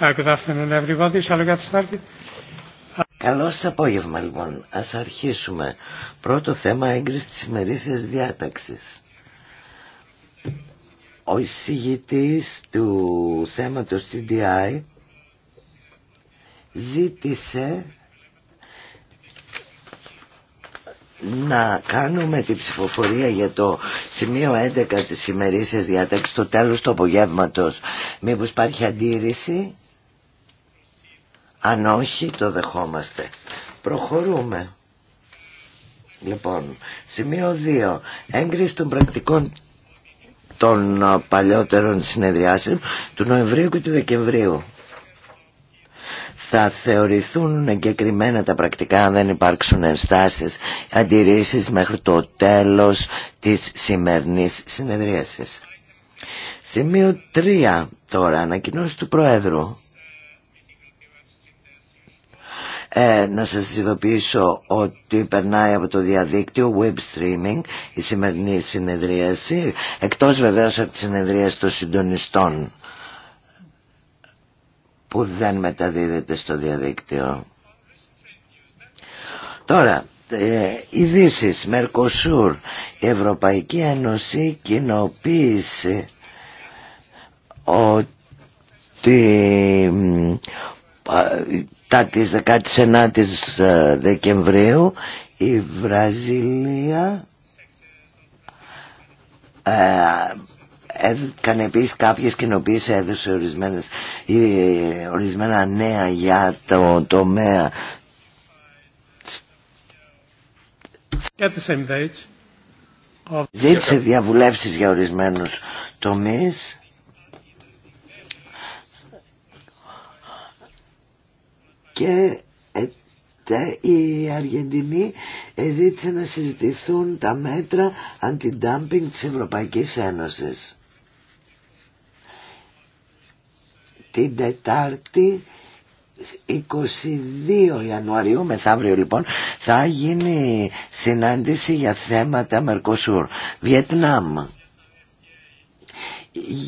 Uh, good afternoon απόγευμα λοιπόν. Ας αρχίσουμε. Πρώτο θέμα έγκριση της ημερήσιας διάταξης. Ο εισηγητής του θέματος TDI ζήτησε να κάνουμε την ψηφοφορία για το σημείο 11 της ημερήσιας διάταξης στο τέλος του απογεύματος. Μήπως υπάρχει αντίρρηση. Αν όχι, το δεχόμαστε. Προχωρούμε. Λοιπόν, σημείο 2. Έγκριση των πρακτικών των παλιότερων συνεδριάσεων του Νοεμβρίου και του Δεκεμβρίου. Θα θεωρηθούν εγκεκριμένα τα πρακτικά αν δεν υπάρξουν ενστάσεις, αντιρρήσεις μέχρι το τέλος της σημερινής συνεδρίασης. Σημείο 3 τώρα, Ανακοινώση του Προέδρου. ε, να σας ειδοποιήσω ότι περνάει από το διαδίκτυο web streaming η σημερινή συνεδρίαση εκτός βεβαίως από τη συνεδρία των συντονιστών που δεν μεταδίδεται στο διαδίκτυο. Τώρα, ε, ειδήσει Μερκοσούρ, η Ευρωπαϊκή Ένωση κοινοποίησε ότι μετά η 19ης ε, Δεκεμβρίου η Βραζιλία ε, έκανε επίση κάποιες κοινοποίησεις έδωσε ορισμένες, ε, ορισμένα νέα για το τομέα At the same Ζήτησε διαβουλεύσεις για ορισμένους τομείς και οι ε, Αργεντινοί ζήτησε να συζητηθούν τα μέτρα αντι-dumping της Ευρωπαϊκής Ένωσης. Την Τετάρτη 22 Ιανουαρίου μεθαύριο λοιπόν θα γίνει συνάντηση για θέματα Μερκοσούρ Βιετνάμ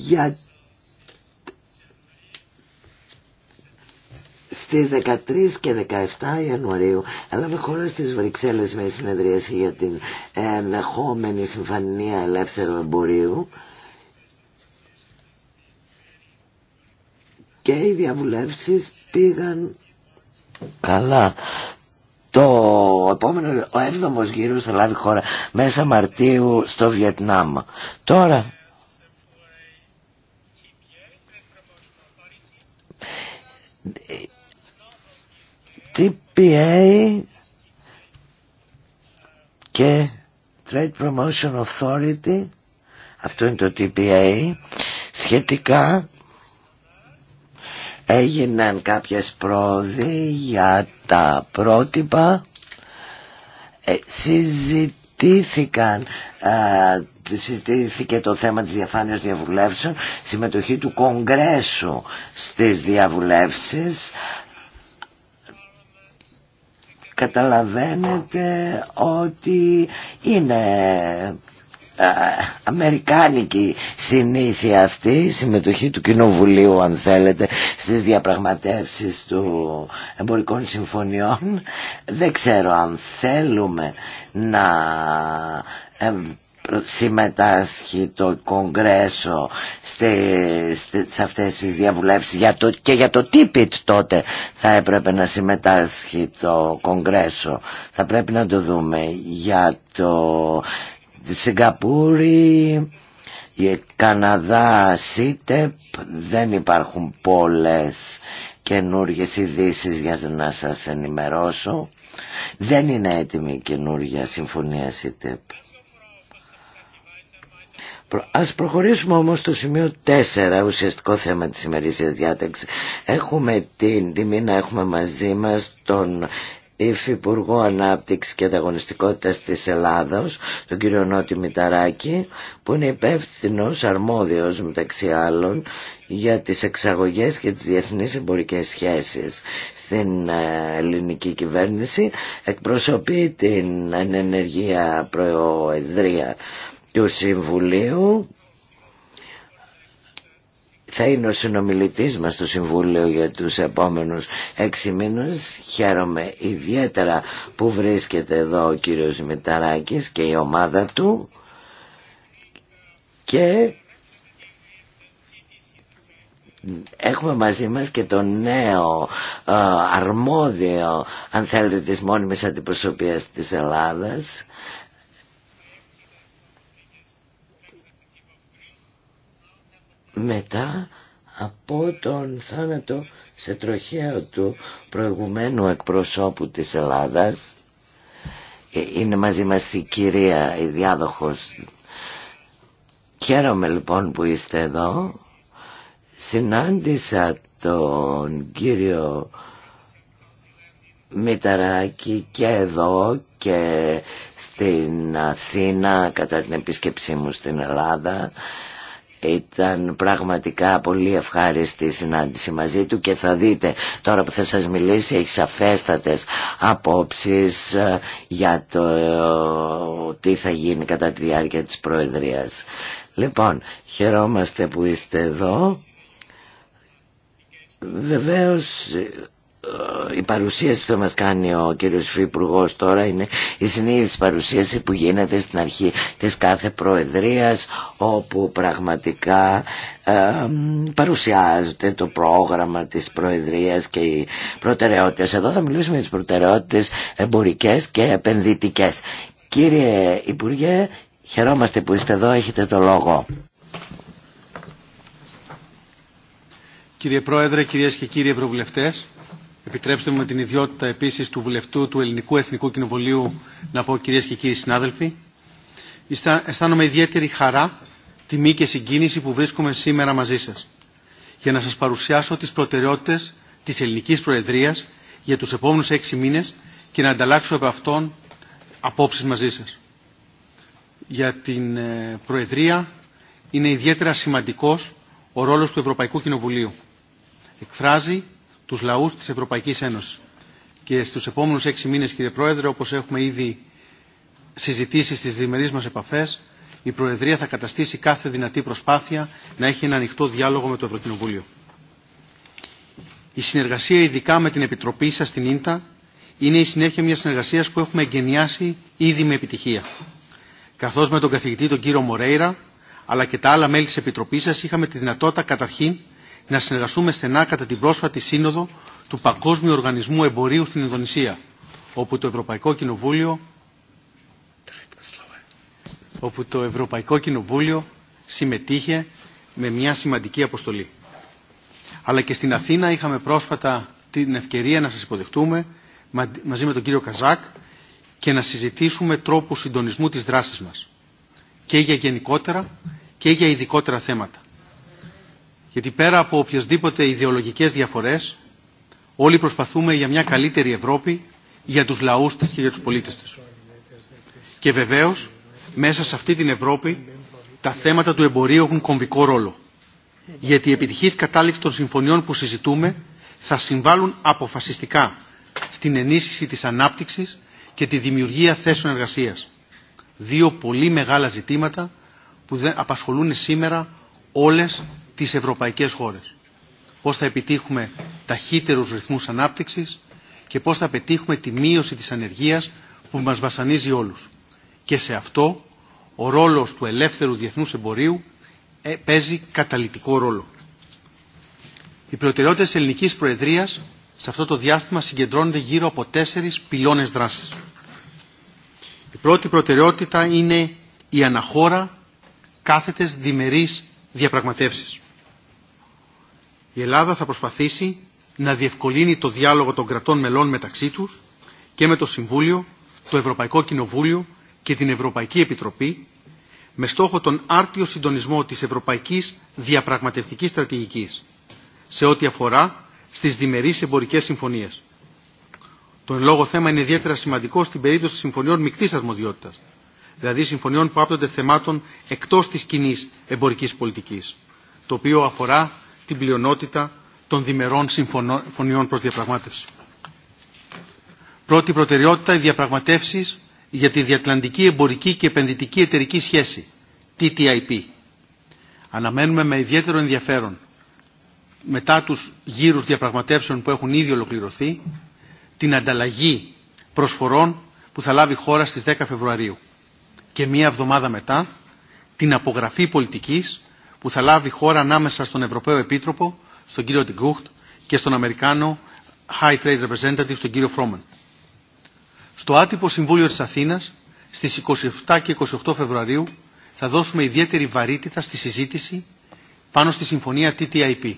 γιατί... Στις 13 και 17 Ιανουαρίου έλαβε χώρα στις Βρυξέλλες με συνεδρίαση για την ενδεχόμενη συμφωνία ελεύθερου εμπορίου και οι διαβουλεύσεις πήγαν καλά. Το επόμενο, ο έβδομος γύρος θα λάβει χώρα μέσα Μαρτίου στο Βιετνάμ. Τώρα PA και Trade Promotion Authority αυτό είναι το TPA σχετικά έγιναν κάποιες πρόοδοι για τα πρότυπα ε, συζητήθηκαν συζητήθηκε το θέμα της διαφάνειας διαβουλεύσεων συμμετοχή του Κογκρέσου στις διαβουλεύσεις καταλαβαίνετε ότι είναι ε, αμερικάνικη συνήθεια αυτή η συμμετοχή του Κοινοβουλίου αν θέλετε στις διαπραγματεύσεις του εμπορικών συμφωνιών δεν ξέρω αν θέλουμε να ε, συμμετάσχει το Κογκρέσο σε αυτές τις διαβουλεύσεις για το, και για το τίπιτ τότε θα έπρεπε να συμμετάσχει το Κογκρέσο θα πρέπει να το δούμε για το Σιγκαπούρη η Καναδά ΣΥΤΕΠ δεν υπάρχουν πολλές καινούργιες ειδήσει για να σας ενημερώσω δεν είναι έτοιμη η καινούργια συμφωνία ΣΥΤΕΠ Ας προχωρήσουμε όμως στο σημείο 4, ουσιαστικό θέμα της ημερήσιας διάταξης. Έχουμε την τιμή να έχουμε μαζί μας τον Υφυπουργό Ανάπτυξης και Ανταγωνιστικότητα της Ελλάδος, τον κύριο Νότι Μηταράκη, που είναι υπεύθυνο, αρμόδιος, μεταξύ άλλων, για τις εξαγωγές και τις διεθνείς εμπορικές σχέσεις στην ε, ελληνική κυβέρνηση. Εκπροσωπεί την ενεργεία προεδρία του Συμβουλίου θα είναι ο συνομιλητής μας στο Συμβούλιο για τους επόμενους έξι μήνες. Χαίρομαι ιδιαίτερα που βρίσκεται εδώ ο κύριος Μηταράκης και η ομάδα του και έχουμε μαζί μας και το νέο ε, αρμόδιο αν θέλετε της μόνιμης αντιπροσωπείας της Ελλάδας μετά από τον θάνατο σε τροχαίο του προηγουμένου εκπροσώπου της Ελλάδας ε, είναι μαζί μας η κυρία η διάδοχος χαίρομαι λοιπόν που είστε εδώ συνάντησα τον κύριο Μηταράκη και εδώ και στην Αθήνα κατά την επίσκεψή μου στην Ελλάδα ήταν πραγματικά πολύ ευχάριστη η συνάντηση μαζί του και θα δείτε τώρα που θα σας μιλήσει έχει σαφέστατες απόψεις ε, για το τι θα γίνει κατά τη διάρκεια της Προεδρίας. Λοιπόν, χαιρόμαστε που είστε εδώ. Βεβαίως ε, η παρουσίαση που θα μας κάνει ο κύριος Υπουργό τώρα είναι η συνείδηση παρουσίαση που γίνεται στην αρχή της κάθε προεδρίας όπου πραγματικά ε, παρουσιάζεται το πρόγραμμα της προεδρίας και οι προτεραιότητες. Εδώ θα μιλήσουμε για τις προτεραιότητες εμπορικές και επενδυτικές. Κύριε Υπουργέ, χαιρόμαστε που είστε εδώ, έχετε το λόγο. Κύριε Πρόεδρε, κυρίες και κύριοι Ευρωβουλευτές, Επιτρέψτε μου με την ιδιότητα επίσης του βουλευτού του Ελληνικού Εθνικού Κοινοβουλίου να πω κυρίε και κύριοι συνάδελφοι. Αισθάνομαι ιδιαίτερη χαρά, τιμή και συγκίνηση που βρίσκομαι σήμερα μαζί σας για να σας παρουσιάσω τις προτεραιότητες της ελληνικής προεδρίας για τους επόμενους έξι μήνες και να ανταλλάξω από αυτόν απόψει μαζί σα. Για την ε, Προεδρία είναι ιδιαίτερα σημαντικό ο ρόλο του Ευρωπαϊκού Κοινοβουλίου. Εκφράζει τους λαούς της Ευρωπαϊκής Ένωσης. Και στους επόμενους έξι μήνες, κύριε Πρόεδρε, όπως έχουμε ήδη συζητήσει στις διμερείς μας επαφές, η Προεδρία θα καταστήσει κάθε δυνατή προσπάθεια να έχει ένα ανοιχτό διάλογο με το Ευρωκοινοβούλιο. Η συνεργασία ειδικά με την Επιτροπή σας στην ΙΝΤΑ είναι η συνέχεια μιας συνεργασίας που έχουμε εγκαινιάσει ήδη με επιτυχία. Καθώς με τον καθηγητή τον κύριο Μορέιρα αλλά και τα άλλα μέλη της Επιτροπής σας είχαμε τη δυνατότητα καταρχήν να συνεργαστούμε στενά κατά την πρόσφατη σύνοδο του Παγκόσμιου Οργανισμού Εμπορίου στην Ινδονησία, όπου το Ευρωπαϊκό Κοινοβούλιο, όπου το Ευρωπαϊκό Κοινοβούλιο συμμετείχε με μια σημαντική αποστολή. Αλλά και στην Αθήνα είχαμε πρόσφατα την ευκαιρία να σας υποδεχτούμε μαζί με τον κύριο Καζάκ και να συζητήσουμε τρόπους συντονισμού της δράσης μας και για γενικότερα και για ειδικότερα θέματα γιατί πέρα από οποιασδήποτε ιδεολογικές διαφορές όλοι προσπαθούμε για μια καλύτερη Ευρώπη για τους λαούς της και για τους πολίτες της. Και βεβαίως μέσα σε αυτή την Ευρώπη τα θέματα του εμπορίου έχουν κομβικό ρόλο. Γιατί η επιτυχής κατάληξη των συμφωνιών που συζητούμε θα συμβάλλουν αποφασιστικά στην ενίσχυση της ανάπτυξης και τη δημιουργία θέσεων εργασίας. Δύο πολύ μεγάλα ζητήματα που απασχολούν σήμερα όλες τις ευρωπαϊκές χώρες. Πώς θα επιτύχουμε ταχύτερους ρυθμούς ανάπτυξης και πώς θα πετύχουμε τη μείωση της ανεργίας που μας βασανίζει όλους. Και σε αυτό ο ρόλος του ελεύθερου διεθνούς εμπορίου ε, παίζει καταλητικό ρόλο. Οι προτεραιότητες της ελληνικής προεδρίας σε αυτό το διάστημα συγκεντρώνονται γύρω από τέσσερις πυλώνες δράσης. Η πρώτη προτεραιότητα είναι η αναχώρα κάθετες διμερείς διαπραγματεύσεις. Η Ελλάδα θα προσπαθήσει να διευκολύνει το διάλογο των κρατών μελών μεταξύ τους και με το Συμβούλιο, το Ευρωπαϊκό Κοινοβούλιο και την Ευρωπαϊκή Επιτροπή με στόχο τον άρτιο συντονισμό της Ευρωπαϊκής Διαπραγματευτικής Στρατηγικής σε ό,τι αφορά στις διμερείς εμπορικές συμφωνίες. Το εν λόγω θέμα είναι ιδιαίτερα σημαντικό στην περίπτωση συμφωνιών μεικτή αρμοδιότητα, δηλαδή συμφωνιών που άπτονται θεμάτων εκτό τη κοινή εμπορική πολιτική, το οποίο αφορά την πλειονότητα των διμερών συμφωνιών προς διαπραγμάτευση. Πρώτη προτεραιότητα οι διαπραγματεύσεις για τη Διατλαντική Εμπορική και Επενδυτική Εταιρική Σχέση, TTIP. Αναμένουμε με ιδιαίτερο ενδιαφέρον μετά τους γύρους διαπραγματεύσεων που έχουν ήδη ολοκληρωθεί την ανταλλαγή προσφορών που θα λάβει χώρα στις 10 Φεβρουαρίου και μία εβδομάδα μετά την απογραφή πολιτικής που θα λάβει χώρα ανάμεσα στον Ευρωπαίο Επίτροπο, στον κύριο Τιγκούχτ και στον Αμερικάνο High Trade Representative, τον κύριο Φρόμεν. Στο άτυπο Συμβούλιο της Αθήνας, στις 27 και 28 Φεβρουαρίου, θα δώσουμε ιδιαίτερη βαρύτητα στη συζήτηση πάνω στη Συμφωνία TTIP.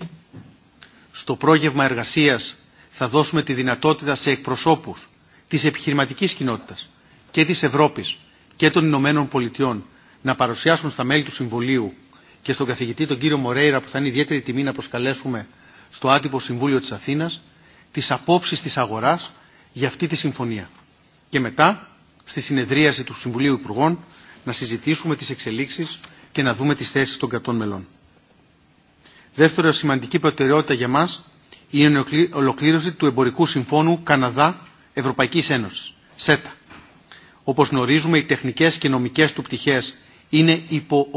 Στο πρόγευμα εργασίας θα δώσουμε τη δυνατότητα σε εκπροσώπους της επιχειρηματικής κοινότητας και της Ευρώπης και των Ηνωμένων Πολιτειών να παρουσιάσουν στα μέλη του Συμβουλίου και στον καθηγητή τον κύριο Μορέιρα που θα είναι ιδιαίτερη τιμή να προσκαλέσουμε στο άτυπο Συμβούλιο της Αθήνας τις απόψεις της αγοράς για αυτή τη συμφωνία. Και μετά, στη συνεδρίαση του Συμβουλίου Υπουργών, να συζητήσουμε τις εξελίξεις και να δούμε τις θέσεις των κρατών μελών. Δεύτερο σημαντική προτεραιότητα για μας είναι η ολοκλήρωση του εμπορικού συμφώνου Καναδά-Ευρωπαϊκής Ένωσης, ΣΕΤΑ. Όπως γνωρίζουμε, οι τεχνικές και νομικές του πτυχές είναι υπό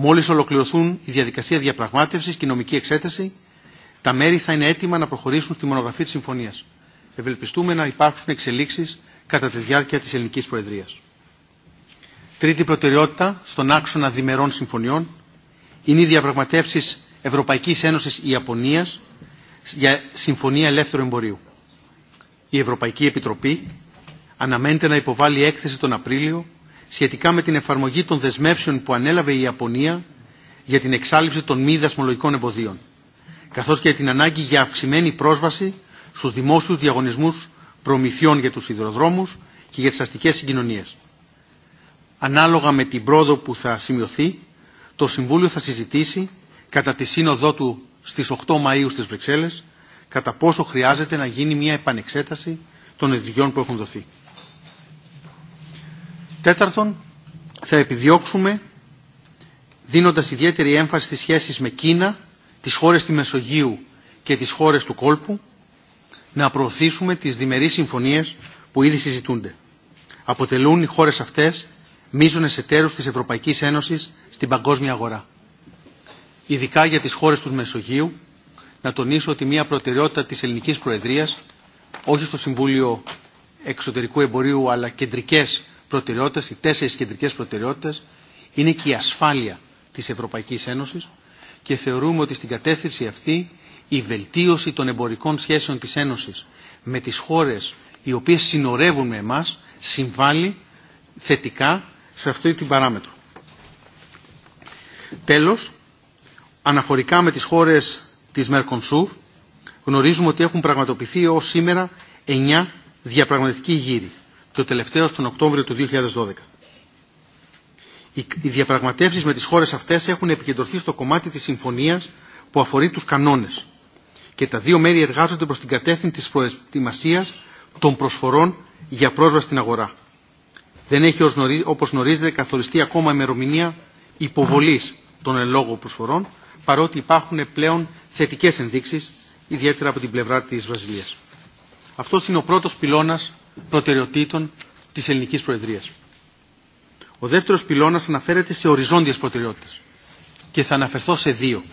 Μόλι ολοκληρωθούν η διαδικασία διαπραγματευση και η νομική εξέταση, τα μέρη θα είναι έτοιμα να προχωρήσουν στη μονογραφή τη συμφωνία. Ευελπιστούμε να υπάρξουν εξελίξει κατά τη διάρκεια τη ελληνική Προεδρία. Τρίτη προτεραιότητα στον άξονα διμερών συμφωνιών είναι οι διαπραγματεύσει Ευρωπαϊκή Ένωση Ιαπωνία για Συμφωνία Ελεύθερου Εμπορίου. Η Ευρωπαϊκή Επιτροπή αναμένεται να υποβάλει έκθεση τον Απρίλιο σχετικά με την εφαρμογή των δεσμεύσεων που ανέλαβε η Ιαπωνία για την εξάλληψη των μη δασμολογικών εμποδίων, καθώ και την ανάγκη για αυξημένη πρόσβαση στου δημόσιους διαγωνισμού προμηθειών για του σιδηροδρόμου και για τι αστικέ συγκοινωνίε. Ανάλογα με την πρόοδο που θα σημειωθεί, το Συμβούλιο θα συζητήσει κατά τη σύνοδό του στι 8 Μαου στι Βρυξέλλε κατά πόσο χρειάζεται να γίνει μια επανεξέταση των ειδικιών που έχουν δοθεί. Τέταρτον, θα επιδιώξουμε, δίνοντας ιδιαίτερη έμφαση στις σχέσεις με Κίνα, τις χώρες τη Μεσογείου και τις χώρες του κόλπου, να προωθήσουμε τις διμερείς συμφωνίες που ήδη συζητούνται. Αποτελούν οι χώρες αυτές μείζονες εταίρους της Ευρωπαϊκής Ένωσης στην παγκόσμια αγορά. Ειδικά για τις χώρες του Μεσογείου, να τονίσω ότι μια προτεραιότητα της ελληνικής προεδρίας, όχι στο Συμβούλιο Εξωτερικού Εμπορίου αλλά κεντρικές προτεραιότητες, οι τέσσερις κεντρικές προτεραιότητες είναι και η ασφάλεια της Ευρωπαϊκής Ένωσης και θεωρούμε ότι στην κατεύθυνση αυτή η βελτίωση των εμπορικών σχέσεων της Ένωσης με τις χώρες οι οποίες συνορεύουν με εμάς συμβάλλει θετικά σε αυτή την παράμετρο. Τέλος, αναφορικά με τις χώρες της Μερκονσούρ γνωρίζουμε ότι έχουν πραγματοποιηθεί ως σήμερα 9 διαπραγματευτικοί γύροι και ο τελευταίο τον Οκτώβριο του 2012. Οι διαπραγματεύσεις με τις χώρες αυτές έχουν επικεντρωθεί στο κομμάτι της συμφωνίας που αφορεί τους κανόνες και τα δύο μέρη εργάζονται προς την κατεύθυνση της προετοιμασίας των προσφορών για πρόσβαση στην αγορά. Δεν έχει όπως γνωρίζετε καθοριστεί ακόμα ημερομηνία υποβολής των ελόγων προσφορών παρότι υπάρχουν πλέον θετικές ενδείξεις ιδιαίτερα από την πλευρά της Βραζιλίας. Αυτό είναι ο πρώτος πυλώνας προτεραιοτήτων της ελληνικής προεδρίας. Ο δεύτερος πυλώνας αναφέρεται σε οριζόντιες προτεραιότητες και θα αναφερθώ σε δύο.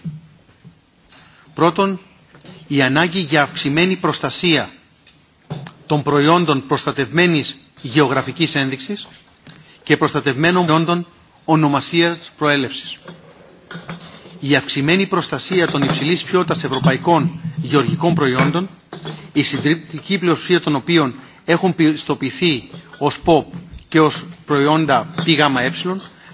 Πρώτον, η ανάγκη για αυξημένη προστασία των προϊόντων προστατευμένης γεωγραφικής ένδειξης και προστατευμένων προϊόντων ονομασίας προέλευσης. Η αυξημένη προστασία των υψηλής ποιότητας ευρωπαϊκών γεωργικών προϊόντων, η συντριπτική πλειοψηφία των οποίων έχουν πιστοποιηθεί ως ΠΟΠ και ως προϊόντα ΠΓΕ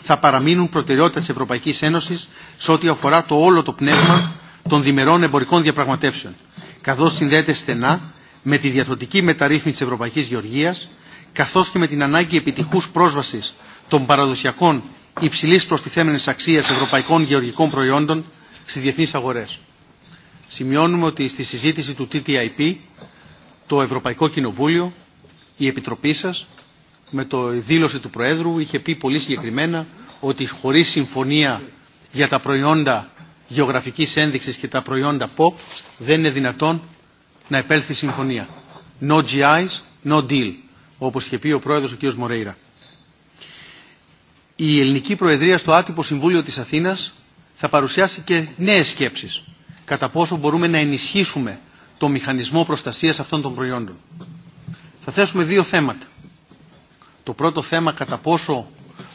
θα παραμείνουν προτεραιότητα της Ευρωπαϊκής Ένωσης σε ό,τι αφορά το όλο το πνεύμα των διμερών εμπορικών διαπραγματεύσεων, καθώς συνδέεται στενά με τη διαθροτική μεταρρύθμιση της Ευρωπαϊκής Γεωργίας, καθώς και με την ανάγκη επιτυχούς πρόσβασης των παραδοσιακών υψηλής προστιθέμενης αξίας ευρωπαϊκών γεωργικών προϊόντων στις διεθνείς αγορές. Σημειώνουμε ότι στη συζήτηση του TTIP το Ευρωπαϊκό Κοινοβούλιο, η Επιτροπή σας, με το δήλωση του Προέδρου, είχε πει πολύ συγκεκριμένα ότι χωρίς συμφωνία για τα προϊόντα γεωγραφικής ένδειξης και τα προϊόντα POP δεν είναι δυνατόν να επέλθει συμφωνία. No GIs, no deal, όπως είχε πει ο Πρόεδρος ο κ. Μορέιρα. Η Ελληνική Προεδρία στο άτυπο Συμβούλιο της Αθήνας θα παρουσιάσει και νέες σκέψεις κατά πόσο μπορούμε να ενισχύσουμε το μηχανισμό προστασίας αυτών των προϊόντων. Θα θέσουμε δύο θέματα. Το πρώτο θέμα κατά πόσο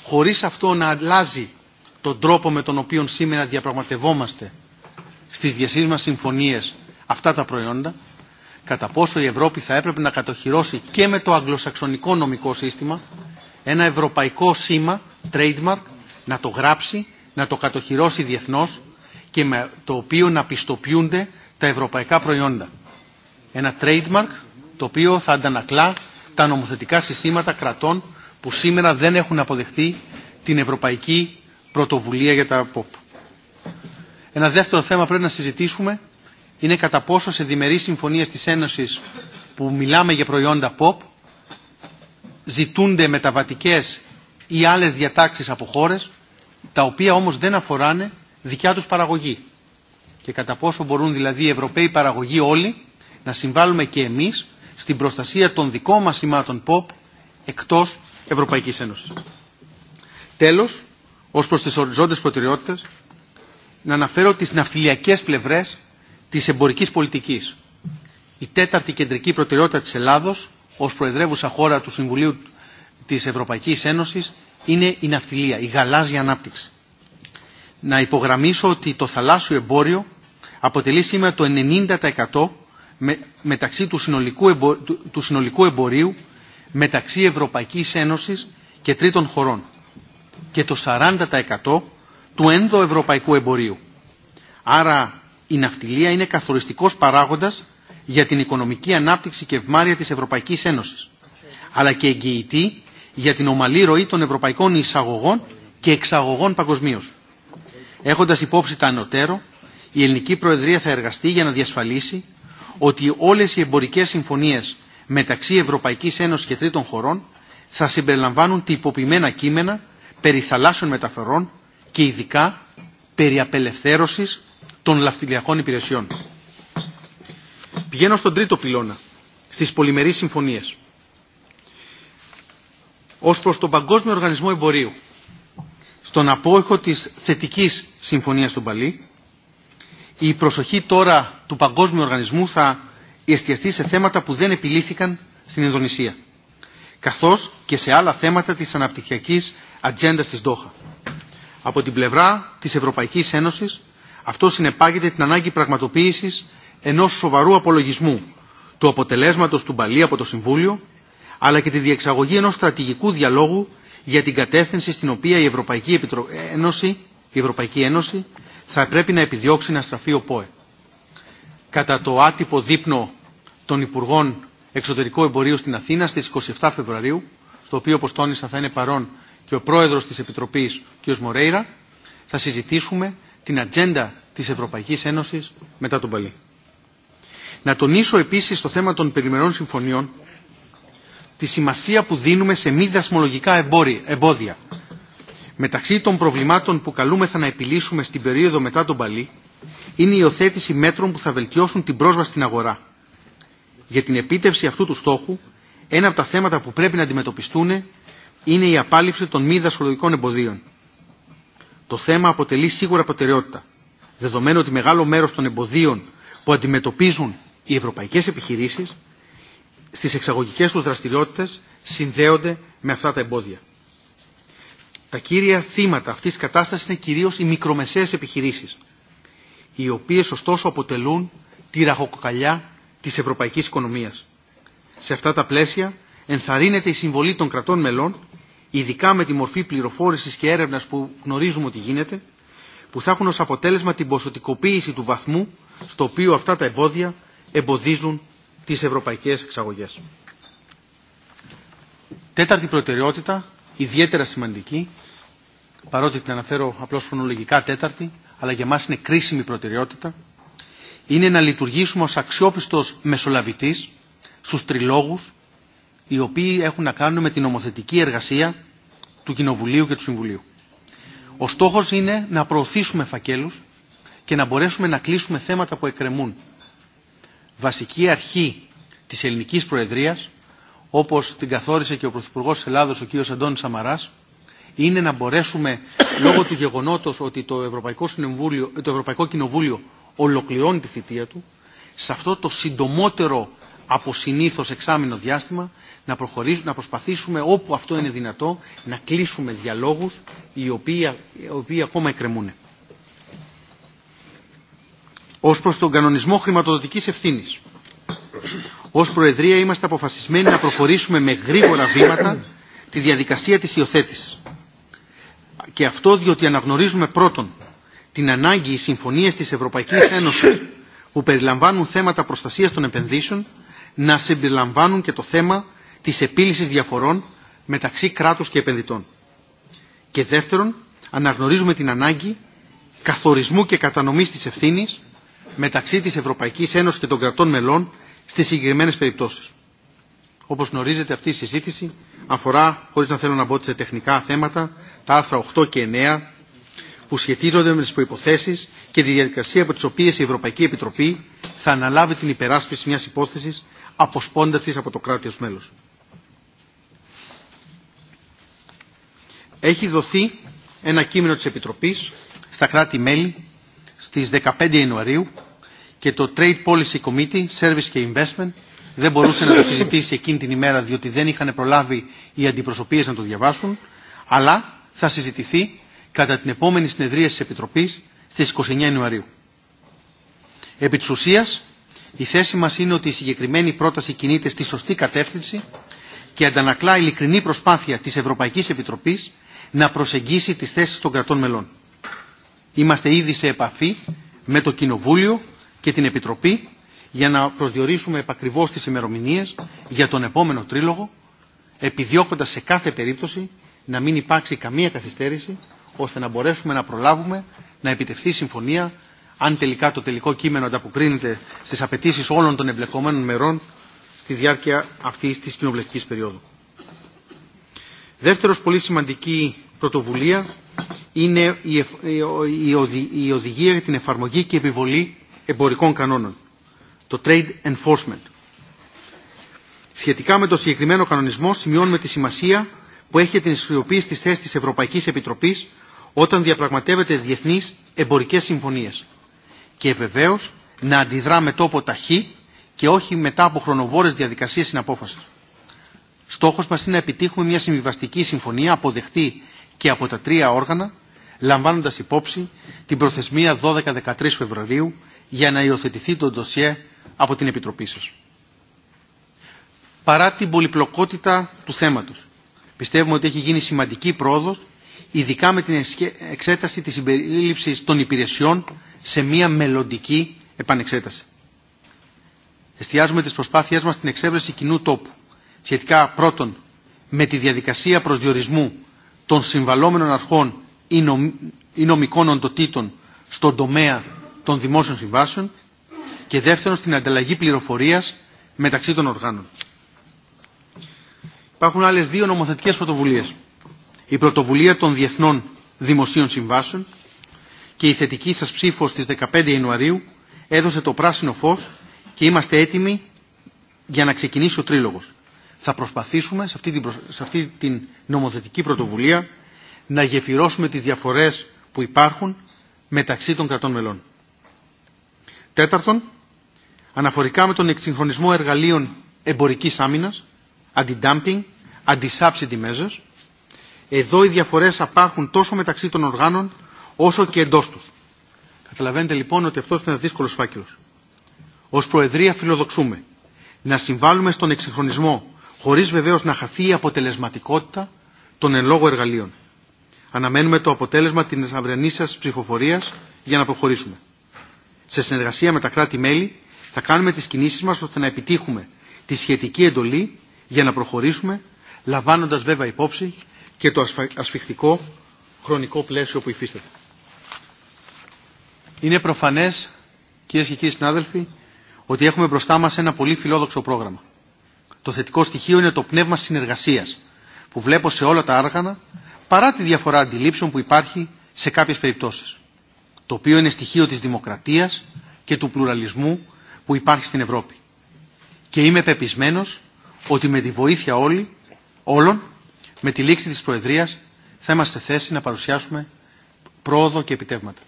χωρίς αυτό να αλλάζει τον τρόπο με τον οποίο σήμερα διαπραγματευόμαστε στις διασύνες μας συμφωνίες αυτά τα προϊόντα, κατά πόσο η Ευρώπη θα έπρεπε να κατοχυρώσει και με το αγγλοσαξονικό νομικό σύστημα ένα ευρωπαϊκό σήμα, trademark, να το γράψει, να το κατοχυρώσει διεθνώς και με το οποίο να πιστοποιούνται τα ευρωπαϊκά προϊόντα. Ένα trademark το οποίο θα αντανακλά τα νομοθετικά συστήματα κρατών που σήμερα δεν έχουν αποδεχτεί την ευρωπαϊκή πρωτοβουλία για τα ΠΟΠ. Ένα δεύτερο θέμα πρέπει να συζητήσουμε είναι κατά πόσο σε διμερείς συμφωνίες της Ένωσης που μιλάμε για προϊόντα ΠΟΠ ζητούνται μεταβατικές ή άλλες διατάξεις από χώρες τα οποία όμως δεν αφοράνε δικιά τους παραγωγή και κατά πόσο μπορούν δηλαδή οι Ευρωπαίοι παραγωγοί όλοι να συμβάλλουμε και εμείς στην προστασία των δικών μα σημάτων ΠΟΠ εκτός Ευρωπαϊκής Ένωσης. Τέλος, ως προς τις οριζόντες προτεραιότητες, να αναφέρω τις ναυτιλιακές πλευρές της εμπορικής πολιτικής. Η τέταρτη κεντρική προτεραιότητα της Ελλάδος ως προεδρεύουσα χώρα του Συμβουλίου της Ευρωπαϊκής Ένωσης είναι η ναυτιλία, η γαλάζια ανάπτυξη. Να υπογραμμίσω ότι το θαλάσσιο εμπόριο αποτελεί σήμερα το 90% μεταξύ του συνολικού, εμπορίου, του, συνολικού εμπορίου μεταξύ Ευρωπαϊκής Ένωσης και τρίτων χωρών και το 40% του ενδοευρωπαϊκού εμπορίου. Άρα η ναυτιλία είναι καθοριστικός παράγοντας για την οικονομική ανάπτυξη και ευμάρεια της Ευρωπαϊκής Ένωσης αλλά και εγγυητή για την ομαλή ροή των ευρωπαϊκών εισαγωγών και εξαγωγών παγκοσμίω. Έχοντας υπόψη τα ανωτέρω, η ελληνική προεδρία θα εργαστεί για να διασφαλίσει ότι όλες οι εμπορικές συμφωνίες μεταξύ Ευρωπαϊκής Ένωσης και τρίτων χωρών θα συμπεριλαμβάνουν τυποποιημένα κείμενα περί θαλάσσιων μεταφορών και ειδικά περί απελευθέρωσης των λαυτιλιακών υπηρεσιών. Πηγαίνω στον τρίτο πυλώνα, στις πολυμερείς συμφωνίες. Ως προς τον Παγκόσμιο Οργανισμό Εμπορίου, στον απόϊχο της θετικής συμφωνίας του Παλί, η προσοχή τώρα του Παγκόσμιου Οργανισμού θα εστιαστεί σε θέματα που δεν επιλύθηκαν στην Ινδονησία, καθώς και σε άλλα θέματα της αναπτυχιακής ατζέντα της Ντόχα. Από την πλευρά της Ευρωπαϊκής Ένωσης, αυτό συνεπάγεται την ανάγκη πραγματοποίησης ενός σοβαρού απολογισμού του αποτελέσματος του Μπαλή από το Συμβούλιο, αλλά και τη διεξαγωγή ενός στρατηγικού διαλόγου για την κατεύθυνση στην οποία η Ευρωπαϊκή Ένωση, η Ευρωπαϊκή Ένωση θα πρέπει να επιδιώξει να στραφεί ο ΠΟΕ. Κατά το άτυπο δείπνο των Υπουργών Εξωτερικού Εμπορίου στην Αθήνα στις 27 Φεβρουαρίου, στο οποίο όπως τόνισα θα είναι παρόν και ο πρόεδρος της Επιτροπής κ. Μορέιρα, θα συζητήσουμε την ατζέντα της Ευρωπαϊκής Ένωσης μετά τον Παλί. Να τονίσω επίσης στο θέμα των περιμερών συμφωνιών τη σημασία που δίνουμε σε μη δασμολογικά εμπόδια Μεταξύ των προβλημάτων που καλούμεθα να επιλύσουμε στην περίοδο μετά τον Παλή είναι η υιοθέτηση μέτρων που θα βελτιώσουν την πρόσβαση στην αγορά. Για την επίτευξη αυτού του στόχου, ένα από τα θέματα που πρέπει να αντιμετωπιστούν είναι η απάλληψη των μη δασκολογικών εμποδίων. Το θέμα αποτελεί σίγουρα προτεραιότητα, δεδομένου ότι μεγάλο μέρο των εμποδίων που αντιμετωπίζουν οι ευρωπαϊκέ επιχειρήσει στι εξαγωγικέ του δραστηριότητε συνδέονται με αυτά τα εμπόδια. Τα κύρια θύματα αυτής της κατάστασης είναι κυρίως οι μικρομεσαίες επιχειρήσεις, οι οποίες ωστόσο αποτελούν τη ραχοκοκαλιά της ευρωπαϊκής οικονομίας. Σε αυτά τα πλαίσια ενθαρρύνεται η συμβολή των κρατών μελών, ειδικά με τη μορφή πληροφόρησης και έρευνας που γνωρίζουμε ότι γίνεται, που θα έχουν ως αποτέλεσμα την ποσοτικοποίηση του βαθμού στο οποίο αυτά τα εμπόδια εμποδίζουν τις ευρωπαϊκές εξαγωγές. Τέταρτη προτεραιότητα, ιδιαίτερα σημαντική, παρότι την αναφέρω απλώς φωνολογικά τέταρτη, αλλά για μας είναι κρίσιμη προτεραιότητα, είναι να λειτουργήσουμε ως αξιόπιστος μεσολαβητής στους τριλόγους, οι οποίοι έχουν να κάνουν με την νομοθετική εργασία του Κοινοβουλίου και του Συμβουλίου. Ο στόχος είναι να προωθήσουμε φακέλους και να μπορέσουμε να κλείσουμε θέματα που εκκρεμούν. Βασική αρχή της ελληνικής προεδρίας, όπως την καθόρισε και ο Πρωθυπουργός της Ελλάδος, ο κ. Αντώνης Σαμαράς, είναι να μπορέσουμε λόγω του γεγονότος ότι το Ευρωπαϊκό, το Ευρωπαϊκό Κοινοβούλιο ολοκληρώνει τη θητεία του σε αυτό το συντομότερο από συνήθω εξάμεινο διάστημα να, να προσπαθήσουμε όπου αυτό είναι δυνατό να κλείσουμε διαλόγους οι οποίοι, οι οποίοι ακόμα εκκρεμούν. Ως προς τον κανονισμό χρηματοδοτικής ευθύνης. Ως Προεδρία είμαστε αποφασισμένοι να προχωρήσουμε με γρήγορα βήματα τη διαδικασία της υιοθέτησης. Και αυτό διότι αναγνωρίζουμε πρώτον την ανάγκη οι συμφωνίες της Ευρωπαϊκής Ένωσης που περιλαμβάνουν θέματα προστασίας των επενδύσεων να συμπεριλαμβάνουν και το θέμα της επίλυσης διαφορών μεταξύ κράτους και επενδυτών. Και δεύτερον, αναγνωρίζουμε την ανάγκη καθορισμού και κατανομής της ευθύνης μεταξύ της Ευρωπαϊκής Ένωσης και των κρατών μελών στις συγκεκριμένε περιπτώσεις. Όπως γνωρίζετε αυτή η συζήτηση αφορά, χωρίς να θέλω να μπω τεχνικά θέματα, τα άρθρα 8 και 9 που σχετίζονται με τις προϋποθέσεις και τη διαδικασία από τις οποίες η Ευρωπαϊκή Επιτροπή θα αναλάβει την υπεράσπιση μιας υπόθεσης αποσπώντας της από το κράτο μέλος. Έχει δοθεί ένα κείμενο της Επιτροπής στα κράτη-μέλη στις 15 Ιανουαρίου και το Trade Policy Committee, Service και Investment δεν μπορούσε να το συζητήσει εκείνη την ημέρα διότι δεν είχαν προλάβει οι αντιπροσωπείες να το διαβάσουν αλλά θα συζητηθεί κατά την επόμενη συνεδρία της Επιτροπής στις 29 Ιανουαρίου. Επί της ουσίας, η θέση μας είναι ότι η συγκεκριμένη πρόταση κινείται στη σωστή κατεύθυνση και αντανακλά ειλικρινή προσπάθεια της Ευρωπαϊκής Επιτροπής να προσεγγίσει τις θέσεις των κρατών μελών. Είμαστε ήδη σε επαφή με το Κοινοβούλιο και την Επιτροπή για να προσδιορίσουμε επακριβώς τις ημερομηνίες για τον επόμενο τρίλογο, επιδιώκοντας σε κάθε περίπτωση να μην υπάρξει καμία καθυστέρηση ώστε να μπορέσουμε να προλάβουμε να επιτευχθεί συμφωνία αν τελικά το τελικό κείμενο ανταποκρίνεται στις απαιτήσει όλων των εμπλεκομένων μερών στη διάρκεια αυτής της κοινοβουλευτικής περίοδου. Δεύτερος πολύ σημαντική πρωτοβουλία είναι η οδηγία για την εφαρμογή και επιβολή εμπορικών κανόνων, το Trade Enforcement. Σχετικά με το συγκεκριμένο κανονισμό σημειώνουμε τη σημασία που έχει την ισχυροποίηση τη θέση τη Ευρωπαϊκή Επιτροπή όταν διαπραγματεύεται διεθνεί εμπορικέ συμφωνίε. Και βεβαίω να αντιδρά με τόπο ταχύ και όχι μετά από χρονοβόρε διαδικασίε συναπόφαση. Στόχο μα είναι να επιτύχουμε μια συμβιβαστική συμφωνία αποδεχτεί και από τα τρία όργανα, λαμβάνοντα υπόψη την προθεσμία 12-13 Φεβρουαρίου για να υιοθετηθεί το ντοσιέ από την Επιτροπή σα. Παρά την πολυπλοκότητα του θέματος, Πιστεύουμε ότι έχει γίνει σημαντική πρόοδος, ειδικά με την εξέταση της συμπερίληψης των υπηρεσιών σε μια μελλοντική επανεξέταση. Εστιάζουμε τις προσπάθειές μας στην εξέβρεση κοινού τόπου, σχετικά πρώτον με τη διαδικασία προσδιορισμού των συμβαλόμενων αρχών ή νομικών οντοτήτων στον τομέα των δημόσιων συμβάσεων και δεύτερον στην ανταλλαγή πληροφορίας μεταξύ των οργάνων υπάρχουν άλλε δύο νομοθετικέ πρωτοβουλίες. Η πρωτοβουλία των Διεθνών Δημοσίων Συμβάσεων και η θετική σας ψήφος στι 15 Ιανουαρίου έδωσε το πράσινο φω και είμαστε έτοιμοι για να ξεκινήσει ο τρίλογος. Θα προσπαθήσουμε σε αυτή την, σε αυτή την νομοθετική πρωτοβουλία να γεφυρώσουμε τις διαφορές που υπάρχουν μεταξύ των κρατών μελών. Τέταρτον, αναφορικά με τον εξυγχρονισμό εργαλείων εμπορικής άμυνας, αντι-dumping, αντι-subsidy measures. Εδώ οι διαφορέ υπάρχουν τόσο μεταξύ των οργάνων όσο και εντό του. Καταλαβαίνετε λοιπόν ότι αυτό είναι ένα δύσκολο φάκελο. Ω Προεδρία φιλοδοξούμε να συμβάλλουμε στον εξυγχρονισμό χωρίς βεβαίως να χαθεί η αποτελεσματικότητα των εν λόγω εργαλείων. Αναμένουμε το αποτέλεσμα τη αυριανή σα ψηφοφορία για να προχωρήσουμε. Σε συνεργασία με τα κράτη-μέλη θα κάνουμε τι κινήσει μα ώστε να επιτύχουμε τη σχετική εντολή για να προχωρήσουμε, λαμβάνοντας βέβαια υπόψη και το ασφιχτικό χρονικό πλαίσιο που υφίσταται. Είναι προφανές, κυρίε και κύριοι συνάδελφοι, ότι έχουμε μπροστά μας ένα πολύ φιλόδοξο πρόγραμμα. Το θετικό στοιχείο είναι το πνεύμα συνεργασίας που βλέπω σε όλα τα άργανα παρά τη διαφορά αντιλήψεων που υπάρχει σε κάποιες περιπτώσεις. Το οποίο είναι στοιχείο της δημοκρατίας και του πλουραλισμού που υπάρχει στην Ευρώπη. Και είμαι πεπισμένος ότι με τη βοήθεια όλη, όλων, με τη λήξη της Προεδρίας, θα είμαστε θέση να παρουσιάσουμε πρόοδο και επιτεύγματα.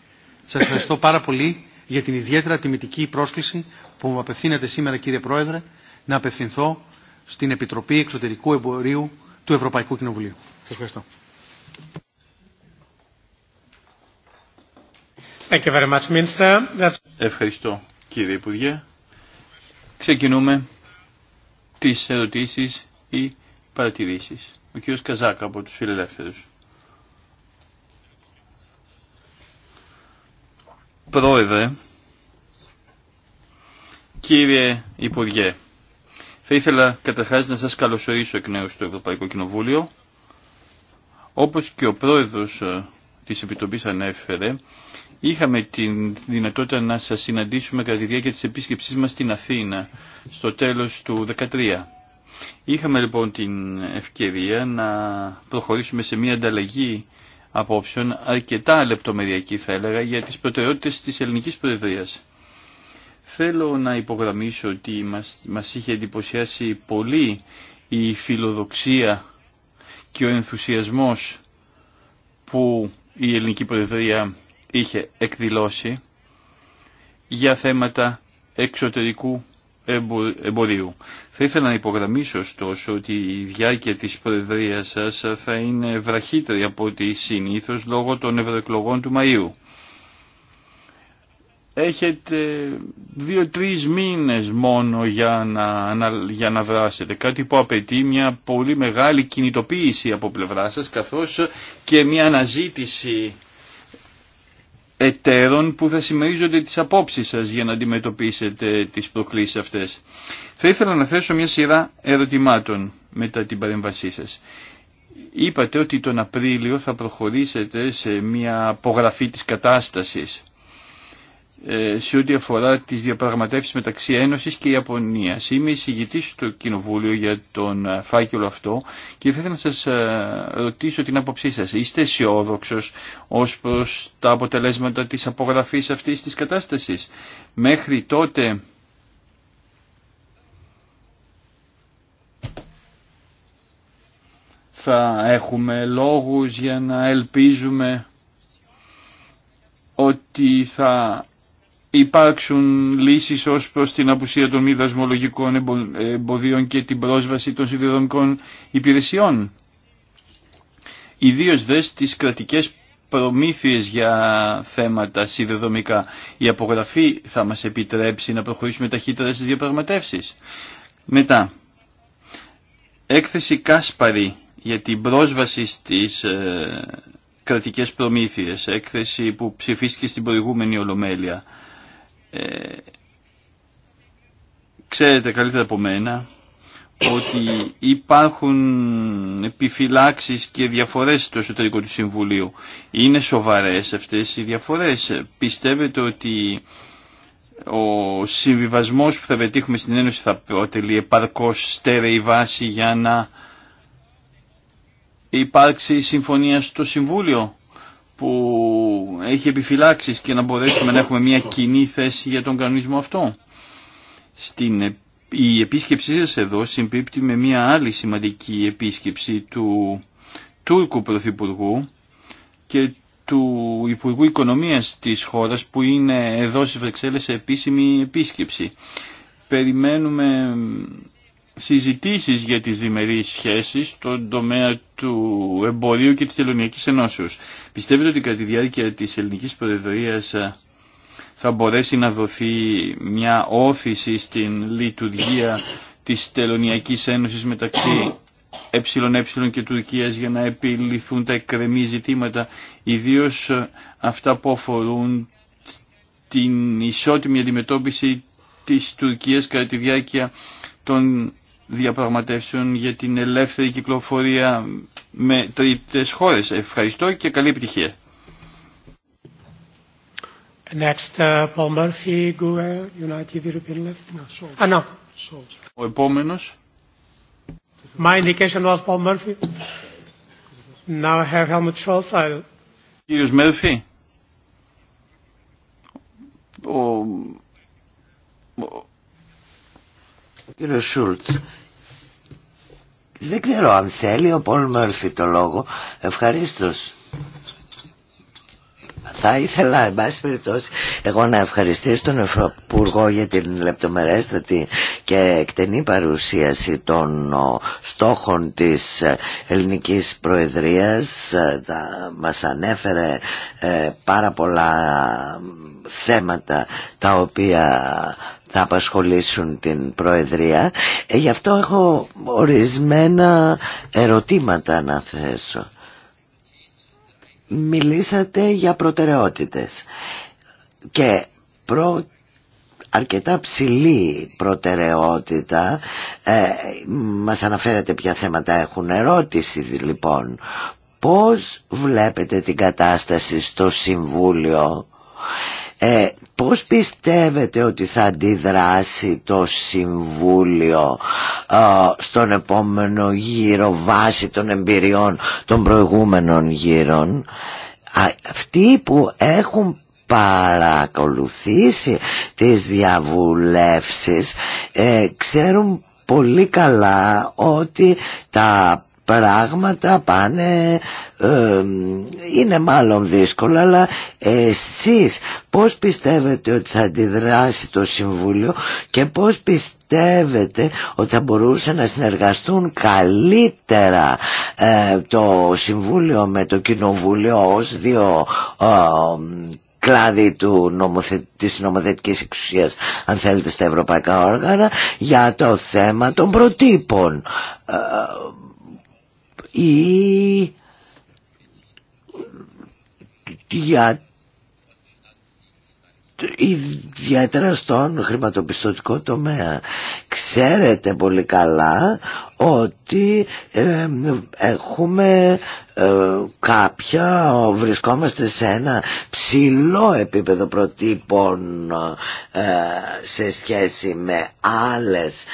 Σας ευχαριστώ πάρα πολύ για την ιδιαίτερα τιμητική πρόσκληση που μου απευθύνεται σήμερα, κύριε Πρόεδρε, να απευθυνθώ στην Επιτροπή Εξωτερικού Εμπορίου του Ευρωπαϊκού Κοινοβουλίου. Σας ευχαριστώ. Ευχαριστώ, κύριε Υπουργέ. Ξεκινούμε τις ερωτήσεις ή παρατηρήσεις. Ο κ. Καζάκα από τους Φιλελεύθερους. Πρόεδρε, κύριε Υπουργέ, θα ήθελα καταρχάς να σας καλωσορίσω εκ νέου στο Ευρωπαϊκό Κοινοβούλιο. Όπως και ο πρόεδρος ε, της Επιτροπής ανέφερε, είχαμε την δυνατότητα να σας συναντήσουμε κατά τη διάρκεια της επίσκεψής μας στην Αθήνα στο τέλος του 2013. Είχαμε λοιπόν την ευκαιρία να προχωρήσουμε σε μια ανταλλαγή απόψεων αρκετά λεπτομεριακή θα έλεγα για τις προτεραιότητες της ελληνικής προεδρίας. Θέλω να υπογραμμίσω ότι μας, είχε εντυπωσιάσει πολύ η φιλοδοξία και ο ενθουσιασμός που η ελληνική προεδρία είχε εκδηλώσει για θέματα εξωτερικού εμπορίου. Θα ήθελα να υπογραμμίσω ωστόσο ότι η διάρκεια της προεδρίας σας θα είναι βραχύτερη από ό,τι συνήθως λόγω των ευρωεκλογών του Μαΐου έχετε δύο-τρεις μήνες μόνο για να, για να δράσετε. Κάτι που απαιτεί μια πολύ μεγάλη κινητοποίηση από πλευρά σας καθώς και μια αναζήτηση εταίρων που θα συμμερίζονται τις απόψεις σας για να αντιμετωπίσετε τις προκλήσεις αυτές. Θα ήθελα να θέσω μια σειρά ερωτημάτων μετά την παρέμβασή σας. Είπατε ότι τον Απρίλιο θα προχωρήσετε σε μια απογραφή της κατάστασης ε, σε ό,τι αφορά τις διαπραγματεύσεις μεταξύ Ένωσης και Ιαπωνίας. Είμαι εισηγητής στο Κοινοβούλιο για τον ε, φάκελο αυτό και θέλω να σας ε, ρωτήσω την άποψή σας. Είστε αισιόδοξο ως προς τα αποτελέσματα της απογραφής αυτής της κατάστασης. Μέχρι τότε θα έχουμε λόγους για να ελπίζουμε ότι θα υπάρξουν λύσεις ως προς την απουσία των μη δασμολογικών εμποδίων και την πρόσβαση των σιδηροδρομικών υπηρεσιών. Ιδίως δε στις κρατικές προμήθειες για θέματα σιδηροδρομικά. Η απογραφή θα μας επιτρέψει να προχωρήσουμε ταχύτερα στις διαπραγματεύσεις. Μετά, έκθεση Κάσπαρη για την πρόσβαση στις ε, κρατικές προμήθειες, έκθεση που ψηφίστηκε στην προηγούμενη Ολομέλεια. Ε, ξέρετε καλύτερα από μένα ότι υπάρχουν επιφυλάξεις και διαφορές στο εσωτερικό του Συμβουλίου. Είναι σοβαρές αυτές οι διαφορές. Πιστεύετε ότι ο συμβιβασμός που θα πετύχουμε στην Ένωση θα αποτελεί επαρκώς στέρεη βάση για να υπάρξει συμφωνία στο Συμβούλιο που έχει επιφυλάξει και να μπορέσουμε να έχουμε μια κοινή θέση για τον κανονισμό αυτό. Στην, η επίσκεψή σας εδώ συμπίπτει με μια άλλη σημαντική επίσκεψη του Τούρκου Πρωθυπουργού και του Υπουργού Οικονομίας της χώρας που είναι εδώ στις Βρεξέλλες σε επίσημη επίσκεψη. Περιμένουμε συζητήσεις για τις διμερείς σχέσεις στον τομέα του εμπορίου και της Τελωνιακή Ενώσεως. Πιστεύετε ότι κατά τη διάρκεια της ελληνικής προεδρίας ε, θα μπορέσει να δοθεί μια όθηση στην λειτουργία της Τελωνιακής Ένωσης μεταξύ ΕΕ και Τουρκίας για να επιληθούν τα εκκρεμή ζητήματα, ιδίως ε, αυτά που αφορούν την ισότιμη αντιμετώπιση της Τουρκίας κατά τη διάρκεια των διαπραγματεύσεων για την ελεύθερη κυκλοφορία με τρίτες χώρες. Ευχαριστώ και καλή επιτυχία. Next, uh, Paul Murphy, United European Left. No, Scholz. Ah, no. Ο επόμενος. My indication was Paul Murphy. Now I have Helmut Scholz. I... Κύριος Murphy. Ο... ο... Κύριε Σούλτ, δεν ξέρω αν θέλει ο Πολ Μέρφυ το λόγο. Ευχαρίστως. Θα ήθελα, εν περιπτώσει, εγώ να ευχαριστήσω τον Ευρωπουργό για την λεπτομερέστατη και εκτενή παρουσίαση των στόχων της ε, ελληνικής προεδρίας. Ε, μας ανέφερε ε, πάρα πολλά θέματα τα οποία θα απασχολήσουν την Προεδρία. Ε, γι' αυτό έχω ορισμένα ερωτήματα να θέσω. Μιλήσατε για προτεραιότητες και προ... αρκετά ψηλή προτεραιότητα ε, μας αναφέρατε ποια θέματα έχουν ερώτηση λοιπόν πώς βλέπετε την κατάσταση στο Συμβούλιο ε, πώς πιστεύετε ότι θα αντιδράσει το Συμβούλιο ε, στον επόμενο γύρο βάσει των εμπειριών των προηγούμενων γύρων αυτοί που έχουν παρακολουθήσει τις διαβουλεύσεις ε, ξέρουν πολύ καλά ότι τα πράγματα πάνε είναι μάλλον δύσκολο αλλά εσείς πώς πιστεύετε ότι θα αντιδράσει το Συμβούλιο και πώς πιστεύετε ότι θα μπορούσε να συνεργαστούν καλύτερα ε, το Συμβούλιο με το Κοινοβούλιο ως δύο ε, κλάδι του νομοθε... της νομοθετικής εξουσίας αν θέλετε στα ευρωπαϊκά όργανα για το θέμα των προτύπων ή ε, για ιδιαίτερα στον χρηματοπιστωτικό τομέα. Ξέρετε πολύ καλά ότι ε, έχουμε ε, κάποια, βρισκόμαστε σε ένα ψηλό επίπεδο προτύπων ε, σε σχέση με άλλες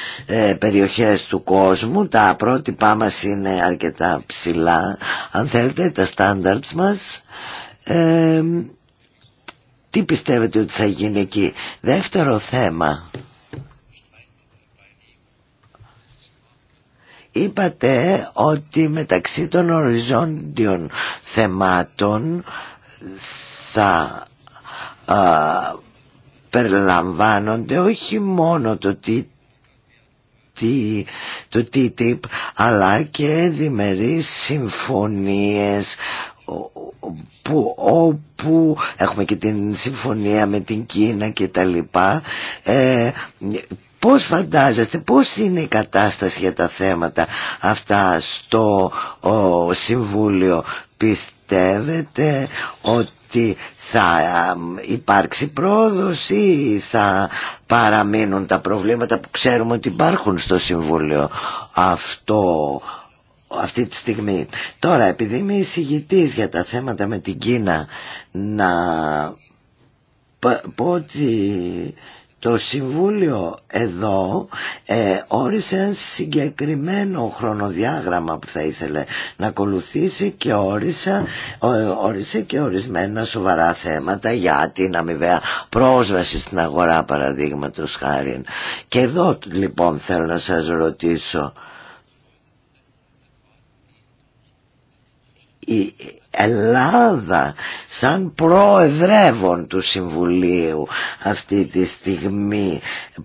περιοχές του κόσμου. Τα πρότυπά μας είναι αρκετά ψηλά. Αν θέλετε τα standards μας τι πιστεύετε ότι θα γίνει εκεί. Δεύτερο θέμα. Είπατε ότι μεταξύ των οριζόντιων θεμάτων θα α, περιλαμβάνονται όχι μόνο το τι το TTIP αλλά και διμερείς συμφωνίες που, όπου έχουμε και την συμφωνία με την Κίνα και τα λοιπά ε, πώς φαντάζεστε πώς είναι η κατάσταση για τα θέματα αυτά στο Συμβούλιο πιστεύετε ότι θα υπάρξει πρόοδος ή θα παραμείνουν τα προβλήματα που ξέρουμε ότι υπάρχουν στο Συμβούλιο αυτό αυτή τη στιγμή. Τώρα επειδή είμαι εισηγητή για τα θέματα με την Κίνα να πω ότι το Συμβούλιο εδώ ε, όρισε ένα συγκεκριμένο χρονοδιάγραμμα που θα ήθελε να ακολουθήσει και όρισε, όρισε και ορισμένα σοβαρά θέματα για την αμοιβαία πρόσβαση στην αγορά παραδείγματος χάρη. Και εδώ λοιπόν θέλω να σας ρωτήσω η Ελλάδα σαν προεδρεύων του Συμβουλίου αυτή τη στιγμή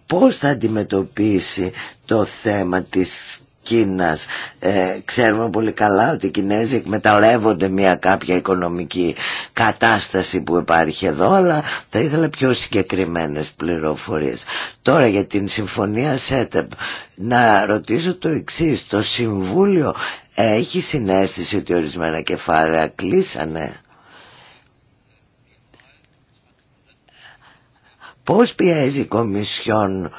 πώς θα αντιμετωπίσει το θέμα της Κίνας. Ε, ξέρουμε πολύ καλά ότι οι Κινέζοι εκμεταλλεύονται μια κάποια οικονομική κατάσταση που υπάρχει εδώ αλλά θα ήθελα πιο συγκεκριμένες πληροφορίες. Τώρα για την συμφωνία ΣΕΤΕΠ να ρωτήσω το εξής. Το Συμβούλιο έχει συνέστηση ότι ορισμένα κεφάλαια κλείσανε. Πώς πιέζει η Κομισιόν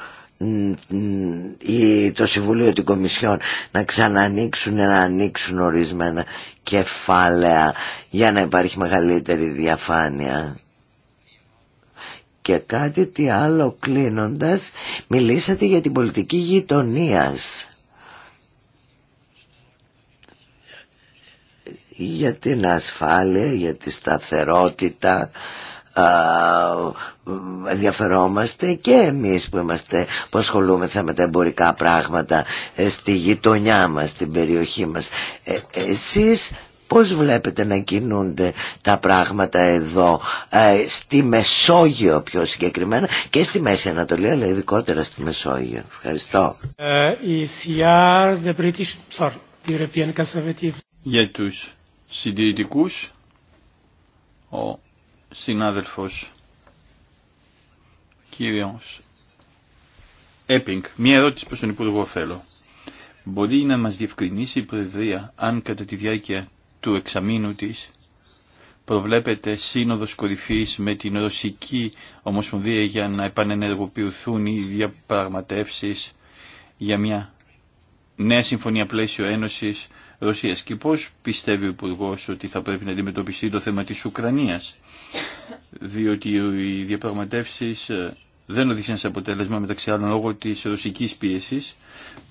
ή το Συμβουλίο των Κομισιόν να ξανανοίξουν να ανοίξουν ορισμένα κεφάλαια για να υπάρχει μεγαλύτερη διαφάνεια. Και κάτι τι άλλο κλείνοντας μιλήσατε για την πολιτική γειτονίας. για την ασφάλεια, για τη σταθερότητα ενδιαφερόμαστε και εμείς που είμαστε που ασχολούμεθα με τα εμπορικά πράγματα ε, στη γειτονιά μας, στην περιοχή μας ε, εσείς πώς βλέπετε να κινούνται τα πράγματα εδώ ε, στη Μεσόγειο πιο συγκεκριμένα και στη Μέση Ανατολή αλλά ειδικότερα στη Μεσόγειο ευχαριστώ uh, για συντηρητικούς ο συνάδελφος κύριος Έπινγκ. Μία ερώτηση προς τον Υπουργό θέλω. Μπορεί να μας διευκρινίσει η Προεδρία αν κατά τη διάρκεια του εξαμήνου της προβλέπεται σύνοδος κορυφής με την Ρωσική Ομοσπονδία για να επανενεργοποιηθούν οι διαπραγματεύσεις για μια νέα συμφωνία πλαίσιο ένωσης Ρωσίας και πώς πιστεύει ο υπουργό ότι θα πρέπει να αντιμετωπιστεί το θέμα της Ουκρανίας διότι οι διαπραγματεύσεις ε, δεν οδήγησαν σε αποτέλεσμα μεταξύ άλλων λόγω της ρωσικής πίεσης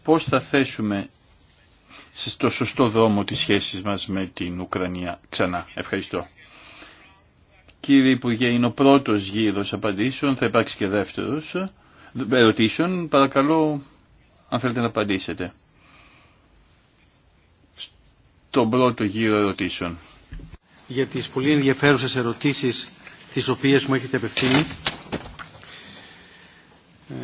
πώς θα θέσουμε στο σωστό δρόμο τις σχέσεις μας με την Ουκρανία ξανά. Ευχαριστώ. Κύριε Υπουργέ, είναι ο πρώτος γύρος απαντήσεων, θα υπάρξει και δεύτερος ε, ερωτήσεων. Παρακαλώ, αν θέλετε να απαντήσετε τον πρώτο γύρο ερωτήσεων. Για τις πολύ ενδιαφέρουσες ερωτήσεις τις οποίες μου έχετε απευθύνει. Ε,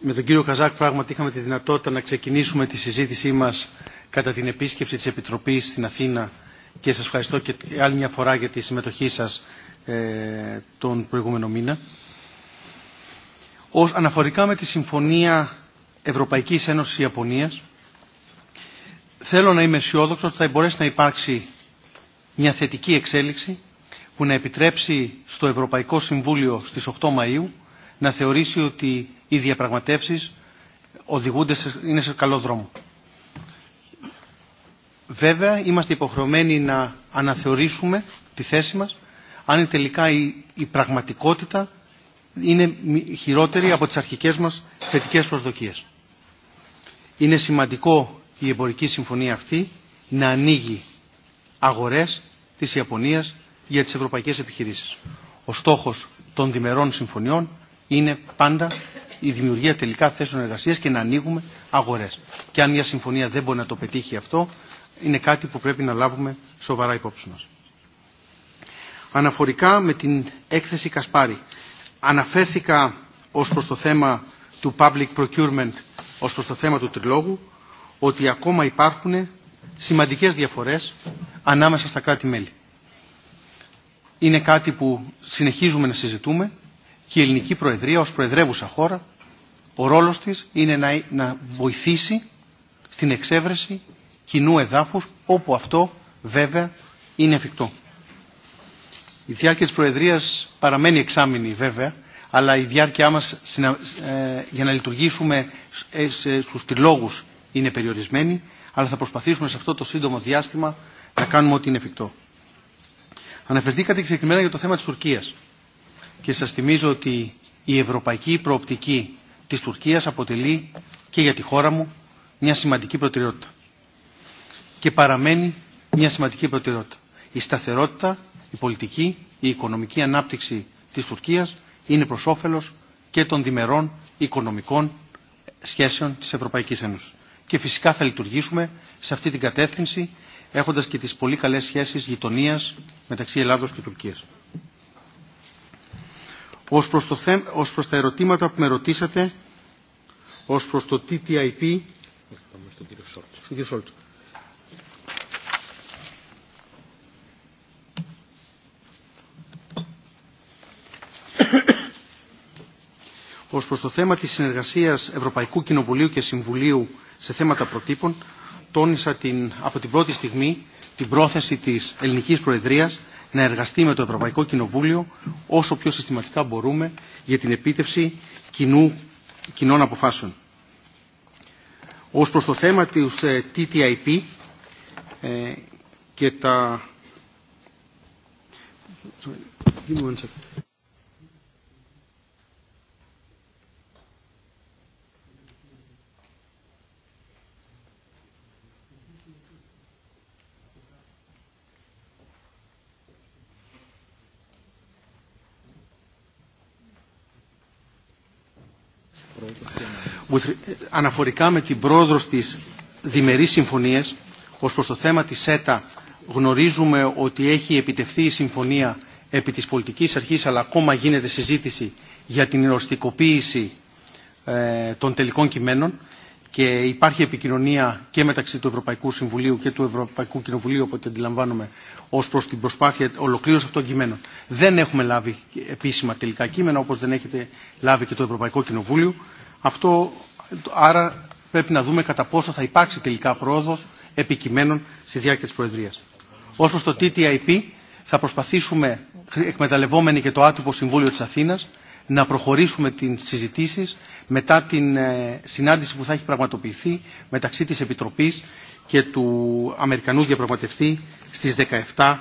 με τον κύριο Καζάκ πράγματι είχαμε τη δυνατότητα να ξεκινήσουμε τη συζήτησή μας κατά την επίσκεψη της Επιτροπής στην Αθήνα και σας ευχαριστώ και άλλη μια φορά για τη συμμετοχή σας ε, τον προηγούμενο μήνα. Ως αναφορικά με τη Συμφωνία Ευρωπαϊκής Ένωσης Ιαπωνίας, θέλω να είμαι αισιόδοξο ότι θα μπορέσει να υπάρξει μια θετική εξέλιξη που να επιτρέψει στο Ευρωπαϊκό Συμβούλιο στις 8 Μαΐου να θεωρήσει ότι οι διαπραγματεύσεις οδηγούνται είναι σε καλό δρόμο. Βέβαια, είμαστε υποχρεωμένοι να αναθεωρήσουμε τη θέση μας αν τελικά η, η πραγματικότητα είναι χειρότερη από τις αρχικές μας θετικές προσδοκίες. Είναι σημαντικό η εμπορική συμφωνία αυτή να ανοίγει αγορές της Ιαπωνίας για τις ευρωπαϊκές επιχειρήσεις. Ο στόχος των διμερών συμφωνιών είναι πάντα η δημιουργία τελικά θέσεων εργασίας και να ανοίγουμε αγορές. Και αν μια συμφωνία δεν μπορεί να το πετύχει αυτό, είναι κάτι που πρέπει να λάβουμε σοβαρά υπόψη μας. Αναφορικά με την έκθεση Κασπάρη, αναφέρθηκα ως προς το θέμα του public procurement, ως προς το θέμα του τριλόγου, ότι ακόμα υπάρχουν σημαντικές διαφορές ανάμεσα στα κράτη-μέλη. Είναι κάτι που συνεχίζουμε να συζητούμε και η ελληνική προεδρία ως προεδρεύουσα χώρα ο ρόλος της είναι να, βοηθήσει στην εξέβρεση κοινού εδάφους όπου αυτό βέβαια είναι εφικτό. Η διάρκεια της Προεδρίας παραμένει εξάμηνη βέβαια, αλλά η διάρκειά μας ε, για να λειτουργήσουμε ε, στους τριλόγους είναι περιορισμένη, αλλά θα προσπαθήσουμε σε αυτό το σύντομο διάστημα να κάνουμε ό,τι είναι εφικτό. Αναφερθήκατε συγκεκριμένα για το θέμα της Τουρκίας και σας θυμίζω ότι η ευρωπαϊκή προοπτική της Τουρκίας αποτελεί και για τη χώρα μου μια σημαντική προτεραιότητα. Και παραμένει μια σημαντική προτεραιότητα. Η σταθερότητα, η πολιτική, η οικονομική ανάπτυξη της Τουρκίας είναι προς όφελος και των διμερών οικονομικών σχέσεων της Ευρωπαϊκής Ένωσης και φυσικά θα λειτουργήσουμε σε αυτή την κατεύθυνση έχοντας και τις πολύ καλές σχέσεις γειτονίας μεταξύ Ελλάδος και Τουρκίας. Ως προς, το θε... ως προς τα ερωτήματα που με ρωτήσατε, ως προς το TTIP, στον κύριο Ως προς το θέμα της συνεργασίας Ευρωπαϊκού Κοινοβουλίου και Συμβουλίου σε θέματα προτύπων, τόνισα την, από την πρώτη στιγμή την πρόθεση της ελληνικής προεδρίας να εργαστεί με το Ευρωπαϊκό Κοινοβούλιο όσο πιο συστηματικά μπορούμε για την επίτευξη κοινού, κοινών αποφάσεων. Ως προς το θέμα της ε, TTIP ε, και τα... αναφορικά με την πρόοδο της διμερείς συμφωνίας ως προς το θέμα της ΣΕΤΑ γνωρίζουμε ότι έχει επιτευχθεί η συμφωνία επί της πολιτικής αρχής αλλά ακόμα γίνεται συζήτηση για την ειρωστικοποίηση ε, των τελικών κειμένων και υπάρχει επικοινωνία και μεταξύ του Ευρωπαϊκού Συμβουλίου και του Ευρωπαϊκού Κοινοβουλίου, όπως αντιλαμβάνομαι, ω προ την προσπάθεια ολοκλήρωση αυτών των κειμένων. Δεν έχουμε λάβει επίσημα τελικά κείμενα, όπω δεν έχετε λάβει και το Ευρωπαϊκό Κοινοβούλιο. Αυτό άρα πρέπει να δούμε κατά πόσο θα υπάρξει τελικά πρόοδος επικειμένων στη διάρκεια της Προεδρίας. Όσο στο TTIP θα προσπαθήσουμε, εκμεταλλευόμενοι και το άτυπο Συμβούλιο της Αθήνας, να προχωρήσουμε τις συζητήσεις μετά την ε, συνάντηση που θα έχει πραγματοποιηθεί μεταξύ της Επιτροπής και του Αμερικανού διαπραγματευτή στις 17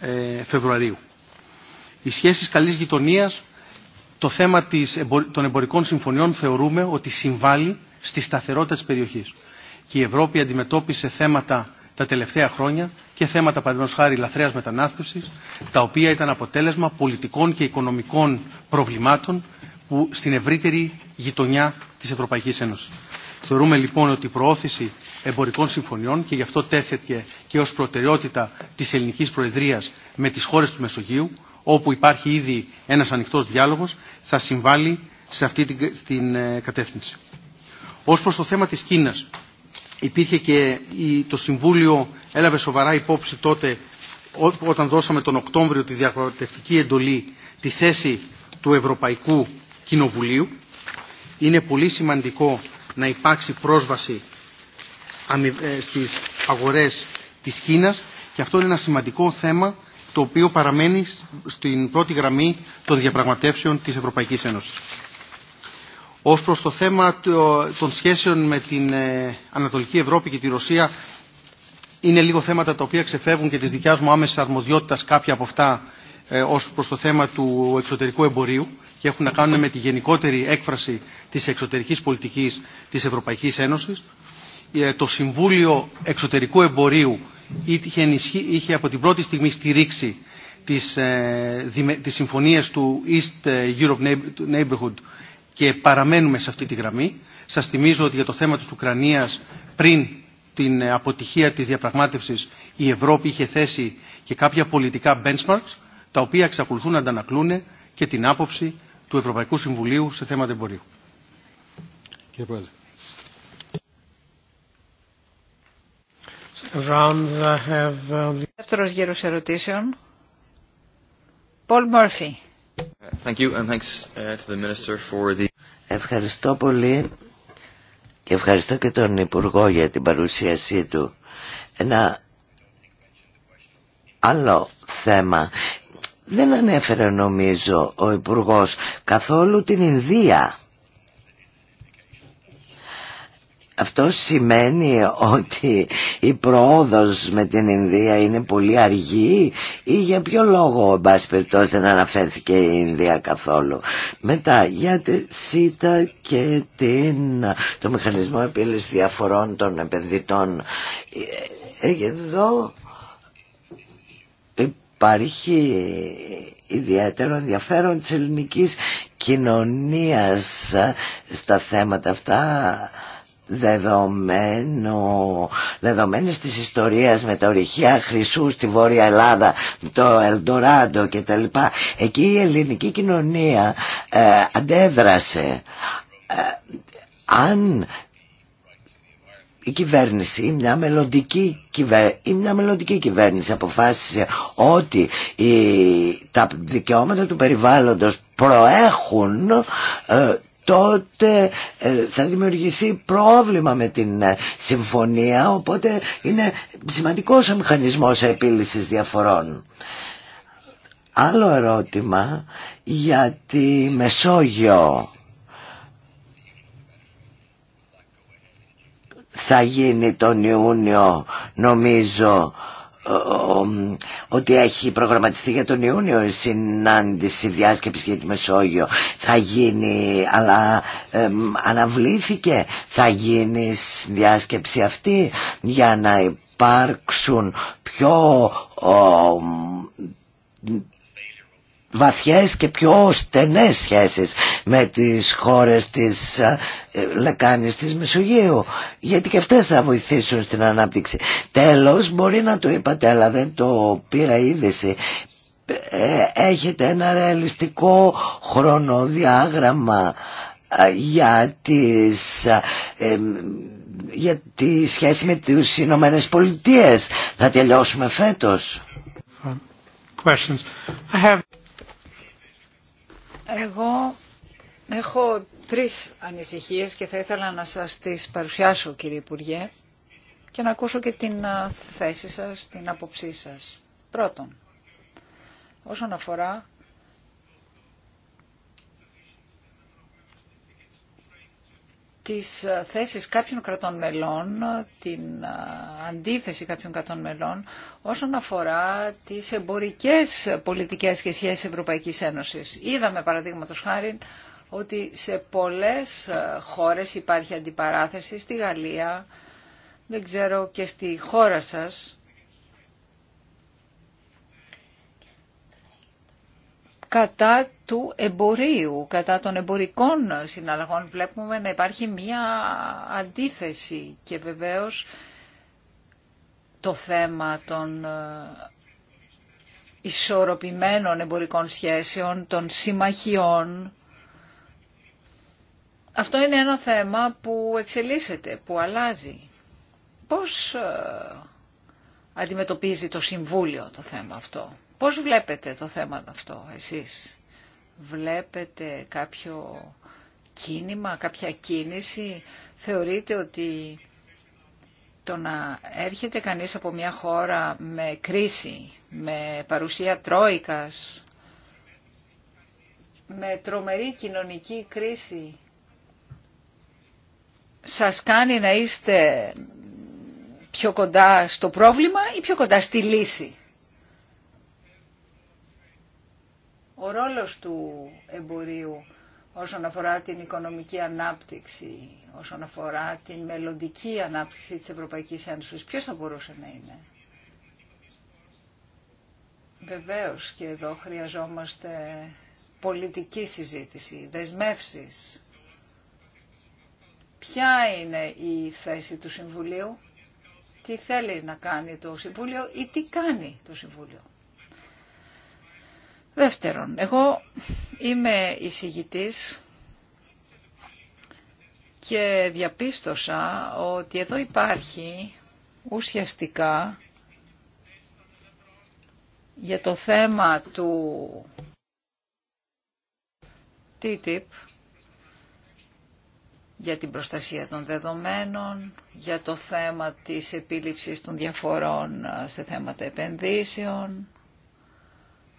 ε, Φεβρουαρίου. Οι σχέσεις καλής γειτονίας το θέμα της, των εμπορικών συμφωνιών θεωρούμε ότι συμβάλλει στη σταθερότητα της περιοχής. Και η Ευρώπη αντιμετώπισε θέματα τα τελευταία χρόνια και θέματα παραδείγματο χάρη λαθρέα μετανάστευση, τα οποία ήταν αποτέλεσμα πολιτικών και οικονομικών προβλημάτων που στην ευρύτερη γειτονιά τη Ευρωπαϊκή Ένωση. Θεωρούμε λοιπόν ότι η προώθηση εμπορικών συμφωνιών και γι' αυτό τέθηκε και ω προτεραιότητα τη ελληνική προεδρία με τι χώρε του Μεσογείου, όπου υπάρχει ήδη ένας ανοιχτός διάλογος, θα συμβάλλει σε αυτή την ε, κατεύθυνση. Ως προς το θέμα της Κίνας, υπήρχε και το Συμβούλιο έλαβε σοβαρά υπόψη τότε όταν δώσαμε τον Οκτώβριο τη διαπραγματευτική εντολή τη θέση του Ευρωπαϊκού Κοινοβουλίου. Είναι πολύ σημαντικό να υπάρξει πρόσβαση ε, στις αγορές της Κίνας και αυτό είναι ένα σημαντικό θέμα το οποίο παραμένει στην πρώτη γραμμή των διαπραγματεύσεων της Ευρωπαϊκής Ένωσης. Ως προς το θέμα των σχέσεων με την ε, Ανατολική Ευρώπη και τη Ρωσία είναι λίγο θέματα τα οποία ξεφεύγουν και της δικιάς μου άμεσης αρμοδιότητας κάποια από αυτά ε, ως προς το θέμα του εξωτερικού εμπορίου και έχουν να κάνουν με τη γενικότερη έκφραση της εξωτερικής πολιτικής της Ευρωπαϊκής Ένωσης. Ε, το Συμβούλιο Εξωτερικού Εμπορίου είχε, είχε από την πρώτη στιγμή στηρίξει τις, ε, του East ε, Europe Neighborhood και παραμένουμε σε αυτή τη γραμμή. Σας θυμίζω ότι για το θέμα της Ουκρανίας πριν την ε, αποτυχία της διαπραγμάτευσης η Ευρώπη είχε θέσει και κάποια πολιτικά benchmarks τα οποία εξακολουθούν να αντανακλούν και την άποψη του Ευρωπαϊκού Συμβουλίου σε θέματα εμπορίου. Κύριε Δεύτερος ερωτήσεων. Ευχαριστώ πολύ και ευχαριστώ και τον Υπουργό για την παρουσίασή του. Ένα άλλο θέμα. Δεν ανέφερε νομίζω ο Υπουργός καθόλου την Ινδία Αυτό σημαίνει ότι η προόδος με την Ινδία είναι πολύ αργή ή για ποιο λόγο, ο πάση δεν αναφέρθηκε η Ινδία καθόλου. Μετά, για τη ΣΥΤΑ και την, το Μηχανισμό Επίλυσης Διαφορών των Επενδυτών. Ε, εδώ υπάρχει ιδιαίτερο ενδιαφέρον της ελληνικής κοινωνίας στα θέματα αυτά δεδομένο, δεδομένης της ιστορίας με τα ορυχεία χρυσού στη Βόρεια Ελλάδα, το Ελντοράντο και τα λοιπά, εκεί η ελληνική κοινωνία ε, αντέδρασε. Ε, αν η κυβέρνηση ή μια μελλοντική, κυβέρνηση αποφάσισε ότι τα δικαιώματα του περιβάλλοντος προέχουν ε, τότε ε, θα δημιουργηθεί πρόβλημα με την ε, συμφωνία οπότε είναι σημαντικός ο μηχανισμός επίλυσης διαφορών. Άλλο ερώτημα για τη Μεσόγειο. Θα γίνει τον Ιούνιο νομίζω ότι έχει προγραμματιστεί για τον Ιούνιο η συνάντηση διάσκεψη για τη Μεσόγειο θα γίνει αλλά αναβλήθηκε θα γίνει διάσκεψη αυτή για να υπάρξουν πιο βαθιές και πιο στενές σχέσεις με τις χώρες της ε, λεκάνης της Μεσογείου γιατί και αυτές θα βοηθήσουν στην ανάπτυξη τέλος μπορεί να το είπατε αλλά δεν το πήρα είδηση ε, έχετε ένα ρεαλιστικό χρονοδιάγραμμα ε, για, τις, ε, για τη σχέση με τις Ηνωμένε Πολιτείε. Θα τελειώσουμε φέτος. Εγώ έχω τρεις ανησυχίες και θα ήθελα να σας τις παρουσιάσω κύριε Υπουργέ και να ακούσω και την θέση σας, την άποψή σας. Πρώτον, όσον αφορά τις ε, θέσεις κάποιων κρατών μελών, την ε, αντίθεση κάποιων κρατών μελών όσον αφορά τις εμπορικές πολιτικές και σχέσεις Ευρωπαϊκής Ένωσης. Είδαμε παραδείγματος χάρη ότι σε πολλές ε, χώρες υπάρχει αντιπαράθεση, στη Γαλλία, δεν ξέρω και στη χώρα σας, κατά του εμπορίου, κατά των εμπορικών συναλλαγών. Βλέπουμε να υπάρχει μία αντίθεση και βεβαίως το θέμα των ε, ισορροπημένων εμπορικών σχέσεων, των συμμαχιών. Αυτό είναι ένα θέμα που εξελίσσεται, που αλλάζει. Πώς ε, αντιμετωπίζει το Συμβούλιο το θέμα αυτό. Πώς βλέπετε το θέμα αυτό εσείς. Βλέπετε κάποιο κίνημα, κάποια κίνηση. Θεωρείτε ότι το να έρχεται κανείς από μια χώρα με κρίση, με παρουσία τρόικας, με τρομερή κοινωνική κρίση, σας κάνει να είστε πιο κοντά στο πρόβλημα ή πιο κοντά στη λύση. ο ρόλος του εμπορίου όσον αφορά την οικονομική ανάπτυξη, όσον αφορά την μελλοντική ανάπτυξη της Ευρωπαϊκής Ένωσης. Ποιος θα μπορούσε να είναι. Βεβαίως και εδώ χρειαζόμαστε πολιτική συζήτηση, δεσμεύσεις. Ποια είναι η θέση του Συμβουλίου, τι θέλει να κάνει το Συμβούλιο ή τι κάνει το Συμβούλιο. Δεύτερον, εγώ είμαι εισηγητής και διαπίστωσα ότι εδώ υπάρχει ουσιαστικά για το θέμα του TTIP, για την προστασία των δεδομένων, για το θέμα της επίληψης των διαφορών ε, σε θέματα επενδύσεων,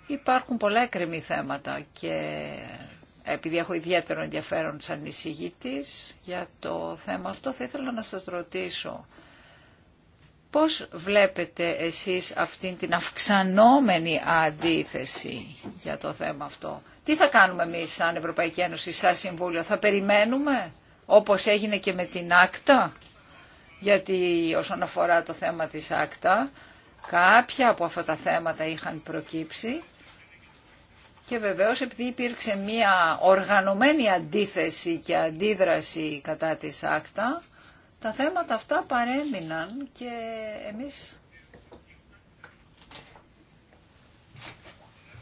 Υπάρχουν πολλά εκκρεμή θέματα και επειδή έχω ιδιαίτερο ενδιαφέρον σαν εισηγητής για το θέμα αυτό, θα ήθελα να σας ρωτήσω πώς βλέπετε εσείς αυτήν την αυξανόμενη αντίθεση για το θέμα αυτό. Τι θα κάνουμε εμείς σαν Ευρωπαϊκή Ένωση, σαν Συμβούλιο, θα περιμένουμε όπως έγινε και με την Άκτα, γιατί όσον αφορά το θέμα της Άκτα, κάποια από αυτά τα θέματα είχαν προκύψει και βεβαίως επειδή υπήρξε μια οργανωμένη αντίθεση και αντίδραση κατά της άκτα, τα θέματα αυτά παρέμειναν και εμείς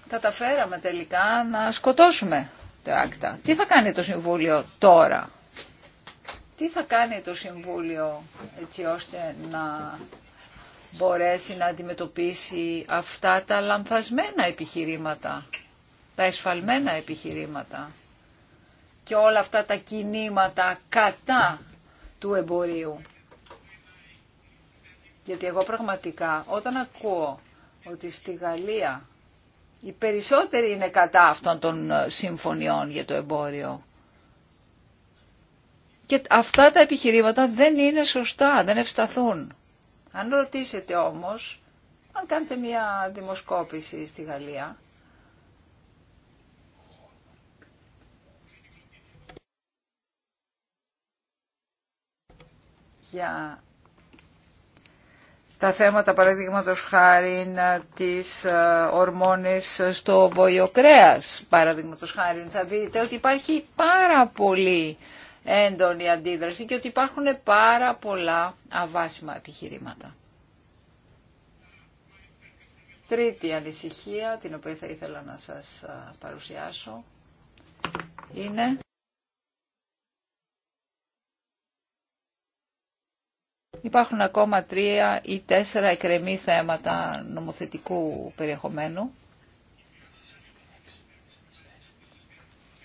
καταφέραμε τελικά να σκοτώσουμε το άκτα. Τι θα κάνει το Συμβούλιο τώρα. Τι θα κάνει το Συμβούλιο έτσι ώστε να μπορέσει να αντιμετωπίσει αυτά τα λανθασμένα επιχειρήματα τα εσφαλμένα επιχειρήματα και όλα αυτά τα κινήματα κατά του εμπορίου. Γιατί εγώ πραγματικά όταν ακούω ότι στη Γαλλία οι περισσότεροι είναι κατά αυτών των ε, συμφωνιών για το εμπόριο. Και αυτά τα επιχειρήματα δεν είναι σωστά, δεν ευσταθούν. Αν ρωτήσετε όμως, αν κάνετε μια δημοσκόπηση στη Γαλλία, για τα θέματα παραδείγματο χάρη της ε, ορμόνης στο κρέα. παραδείγματο χάρη θα δείτε ότι υπάρχει πάρα πολύ έντονη αντίδραση και ότι υπάρχουν πάρα πολλά αβάσιμα επιχειρήματα. Τρίτη ανησυχία την οποία θα ήθελα να σας ε, παρουσιάσω είναι Υπάρχουν ακόμα τρία ή τέσσερα εκρεμή θέματα νομοθετικού περιεχομένου.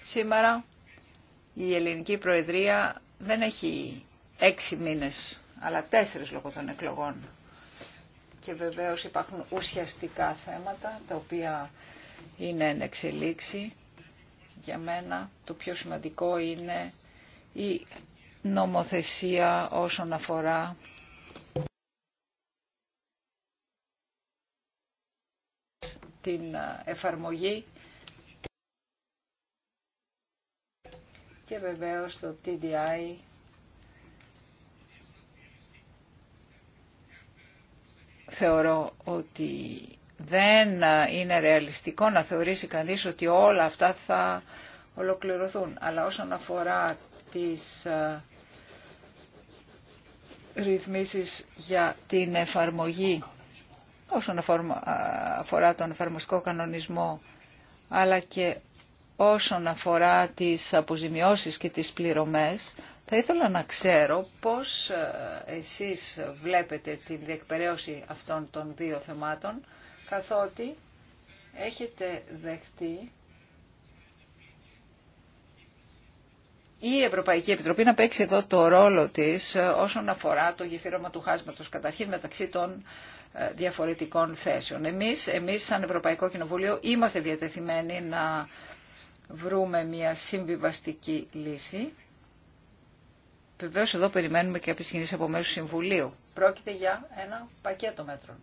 Σήμερα η ελληνική προεδρία δεν έχει έξι μήνες, αλλά τέσσερις λόγω των εκλογών. Και βεβαίως υπάρχουν ουσιαστικά θέματα, τα οποία είναι εν εξελίξη. Για μένα το πιο σημαντικό είναι η νομοθεσία όσον αφορά την εφαρμογή και βεβαίως το TDI θεωρώ ότι δεν είναι ρεαλιστικό να θεωρήσει κανείς ότι όλα αυτά θα ολοκληρωθούν. Αλλά όσον αφορά τις ε, ρυθμίσεις για την εφαρμογή όσον αφορά τον εφαρμοστικό κανονισμό αλλά και όσον αφορά τις αποζημιώσεις και τις πληρωμές, θα ήθελα να ξέρω πώς ε, εσείς βλέπετε την διεκπαιρέωση αυτών των δύο θεμάτων, καθότι έχετε δεχτεί η Ευρωπαϊκή Επιτροπή να παίξει εδώ το ρόλο της ε, όσον αφορά το γεφύρωμα του χάσματος, καταρχήν μεταξύ των ε, διαφορετικών θέσεων. Εμείς, εμείς σαν Ευρωπαϊκό Κοινοβούλιο είμαστε διατεθειμένοι να βρούμε μια συμβιβαστική λύση. Βεβαίως εδώ περιμένουμε και επισκηνήσεις από μέρους Συμβουλίου. Πρόκειται για ένα πακέτο μέτρων.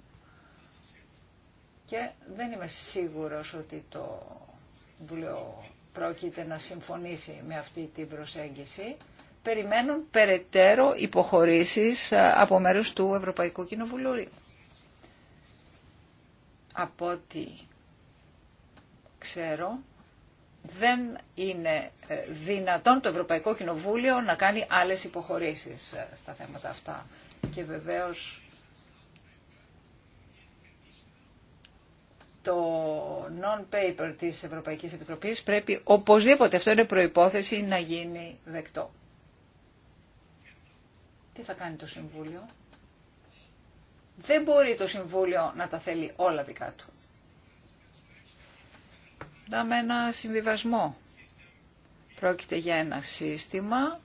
Και δεν είμαι σίγουρος ότι το Βουλίο πρόκειται να συμφωνήσει με αυτή την προσέγγιση. Περιμένουν περαιτέρω υποχωρήσεις ε, από μέρους του Ευρωπαϊκού Κοινοβουλίου. Από ό,τι ξέρω, δεν είναι ε, δυνατόν το Ευρωπαϊκό Κοινοβούλιο να κάνει άλλες υποχωρήσεις ε, στα θέματα αυτά. Και βεβαίως το non-paper της Ευρωπαϊκής Επιτροπής πρέπει οπωσδήποτε, αυτό είναι προϋπόθεση, να γίνει δεκτό. Τι θα κάνει το Συμβούλιο. Δεν μπορεί το Συμβούλιο να τα θέλει όλα δικά του. Δάμε ένα συμβιβασμό. Πρόκειται για ένα σύστημα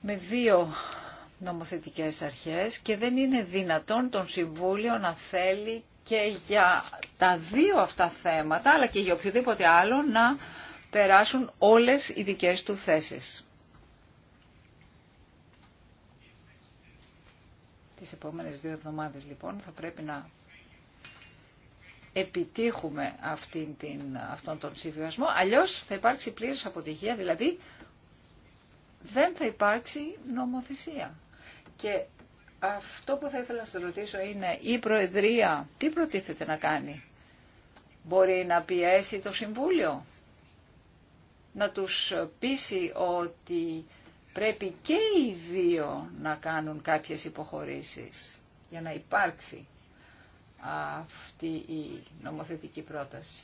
με δύο νομοθετικές αρχές και δεν είναι δυνατόν τον Συμβούλιο να θέλει και για τα δύο αυτά θέματα, αλλά και για οποιοδήποτε άλλο, να περάσουν όλες οι δικές του θέσεις. Τις επόμενες δύο εβδομάδες λοιπόν θα πρέπει να επιτύχουμε αυτήν την, αυτόν τον συμβιβασμό, αλλιώς θα υπάρξει πλήρης αποτυχία, δηλαδή δεν θα υπάρξει νομοθεσία. Και αυτό που θα ήθελα να σας ρωτήσω είναι η Προεδρία τι προτίθεται να κάνει. Μπορεί να πιέσει το Συμβούλιο, να τους πείσει ότι πρέπει και οι δύο να κάνουν κάποιες υποχωρήσεις για να υπάρξει αυτή η νομοθετική πρόταση.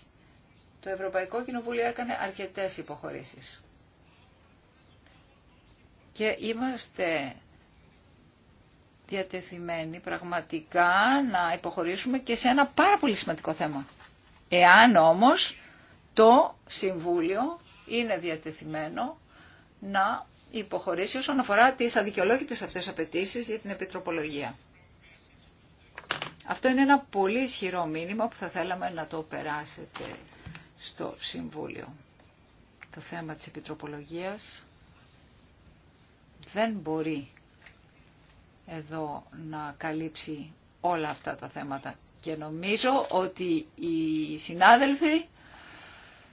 Το Ευρωπαϊκό Κοινοβούλιο έκανε αρκετές υποχωρήσεις. Και είμαστε διατεθειμένοι πραγματικά να υποχωρήσουμε και σε ένα πάρα πολύ σημαντικό θέμα. Εάν όμως το Συμβούλιο είναι διατεθειμένο να υποχωρήσει όσον αφορά τις αδικαιολόγητες αυτές απαιτήσει για την επιτροπολογία. Αυτό είναι ένα πολύ ισχυρό μήνυμα που θα θέλαμε να το περάσετε στο Συμβούλιο. Το θέμα της επιτροπολογίας δεν μπορεί εδώ να καλύψει όλα αυτά τα θέματα. Και νομίζω ότι οι συνάδελφοι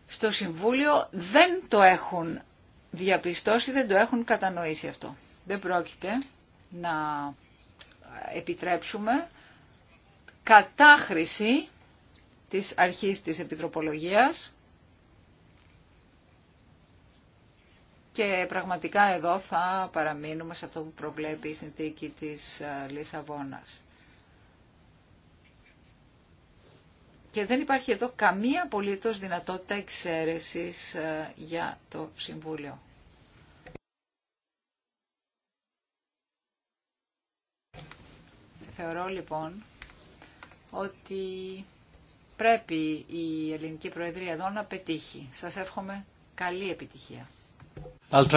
στο Συμβούλιο δεν το έχουν διαπιστώσει, δεν το έχουν κατανοήσει αυτό. Δεν πρόκειται να επιτρέψουμε κατάχρηση της αρχής της επιτροπολογίας Και πραγματικά εδώ θα παραμείνουμε σε αυτό που προβλέπει η συνθήκη της ε, Λισαβόνας. Και δεν υπάρχει εδώ καμία απολύτως δυνατότητα εξαίρεσης ε, για το Συμβούλιο. Θεωρώ λοιπόν ότι πρέπει η Ελληνική Προεδρία εδώ να πετύχει. Σας εύχομαι καλή επιτυχία. I'll